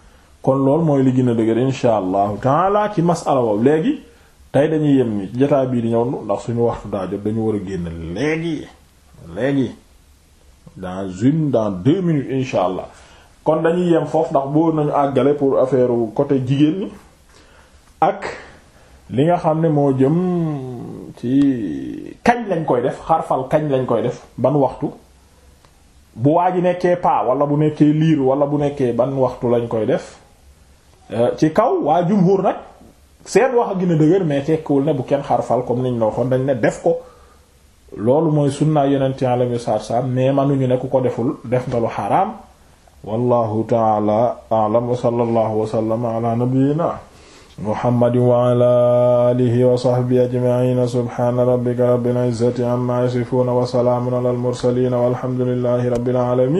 kon lool mooy li gën a dëgër insha allahu taala ci masala boobu léegi tey dañuy yem ni jotaay bii di ñëw ndax suñu waxtu daa dañu war a génn léegi léegi dans une dans deux minutes insha allah kon dañuy yem foofu ndax boo nañu àggale pour affaire côté jigéen ñi ak li nga xam ne moo jëm ci kañ lañ koy def xarfal kañ lañ koy def ban waxtu bu waa ji nekkee paa wala bu nekkee liir wala bu nekkee ban waxtu lañ koy def Euh, ci kaw waa jumhur nag seen wax a gën a dëgër mais tekkiwul ne bu kenn xarfal ko niñ la waxoon dañ ne def ko loolu mooy sunnaa yonent Yàlla mi saar saam mais manuñu ne ku ko deful def nga lu xaraam wallahu taala a'lam wa sallallahu wa sallama ala nabiyyina a wa ala alihi wa la ajma'in subhana rabbika rabbil izzati amma yasifuna wa salaamun ala al mursalin walhamdulillahi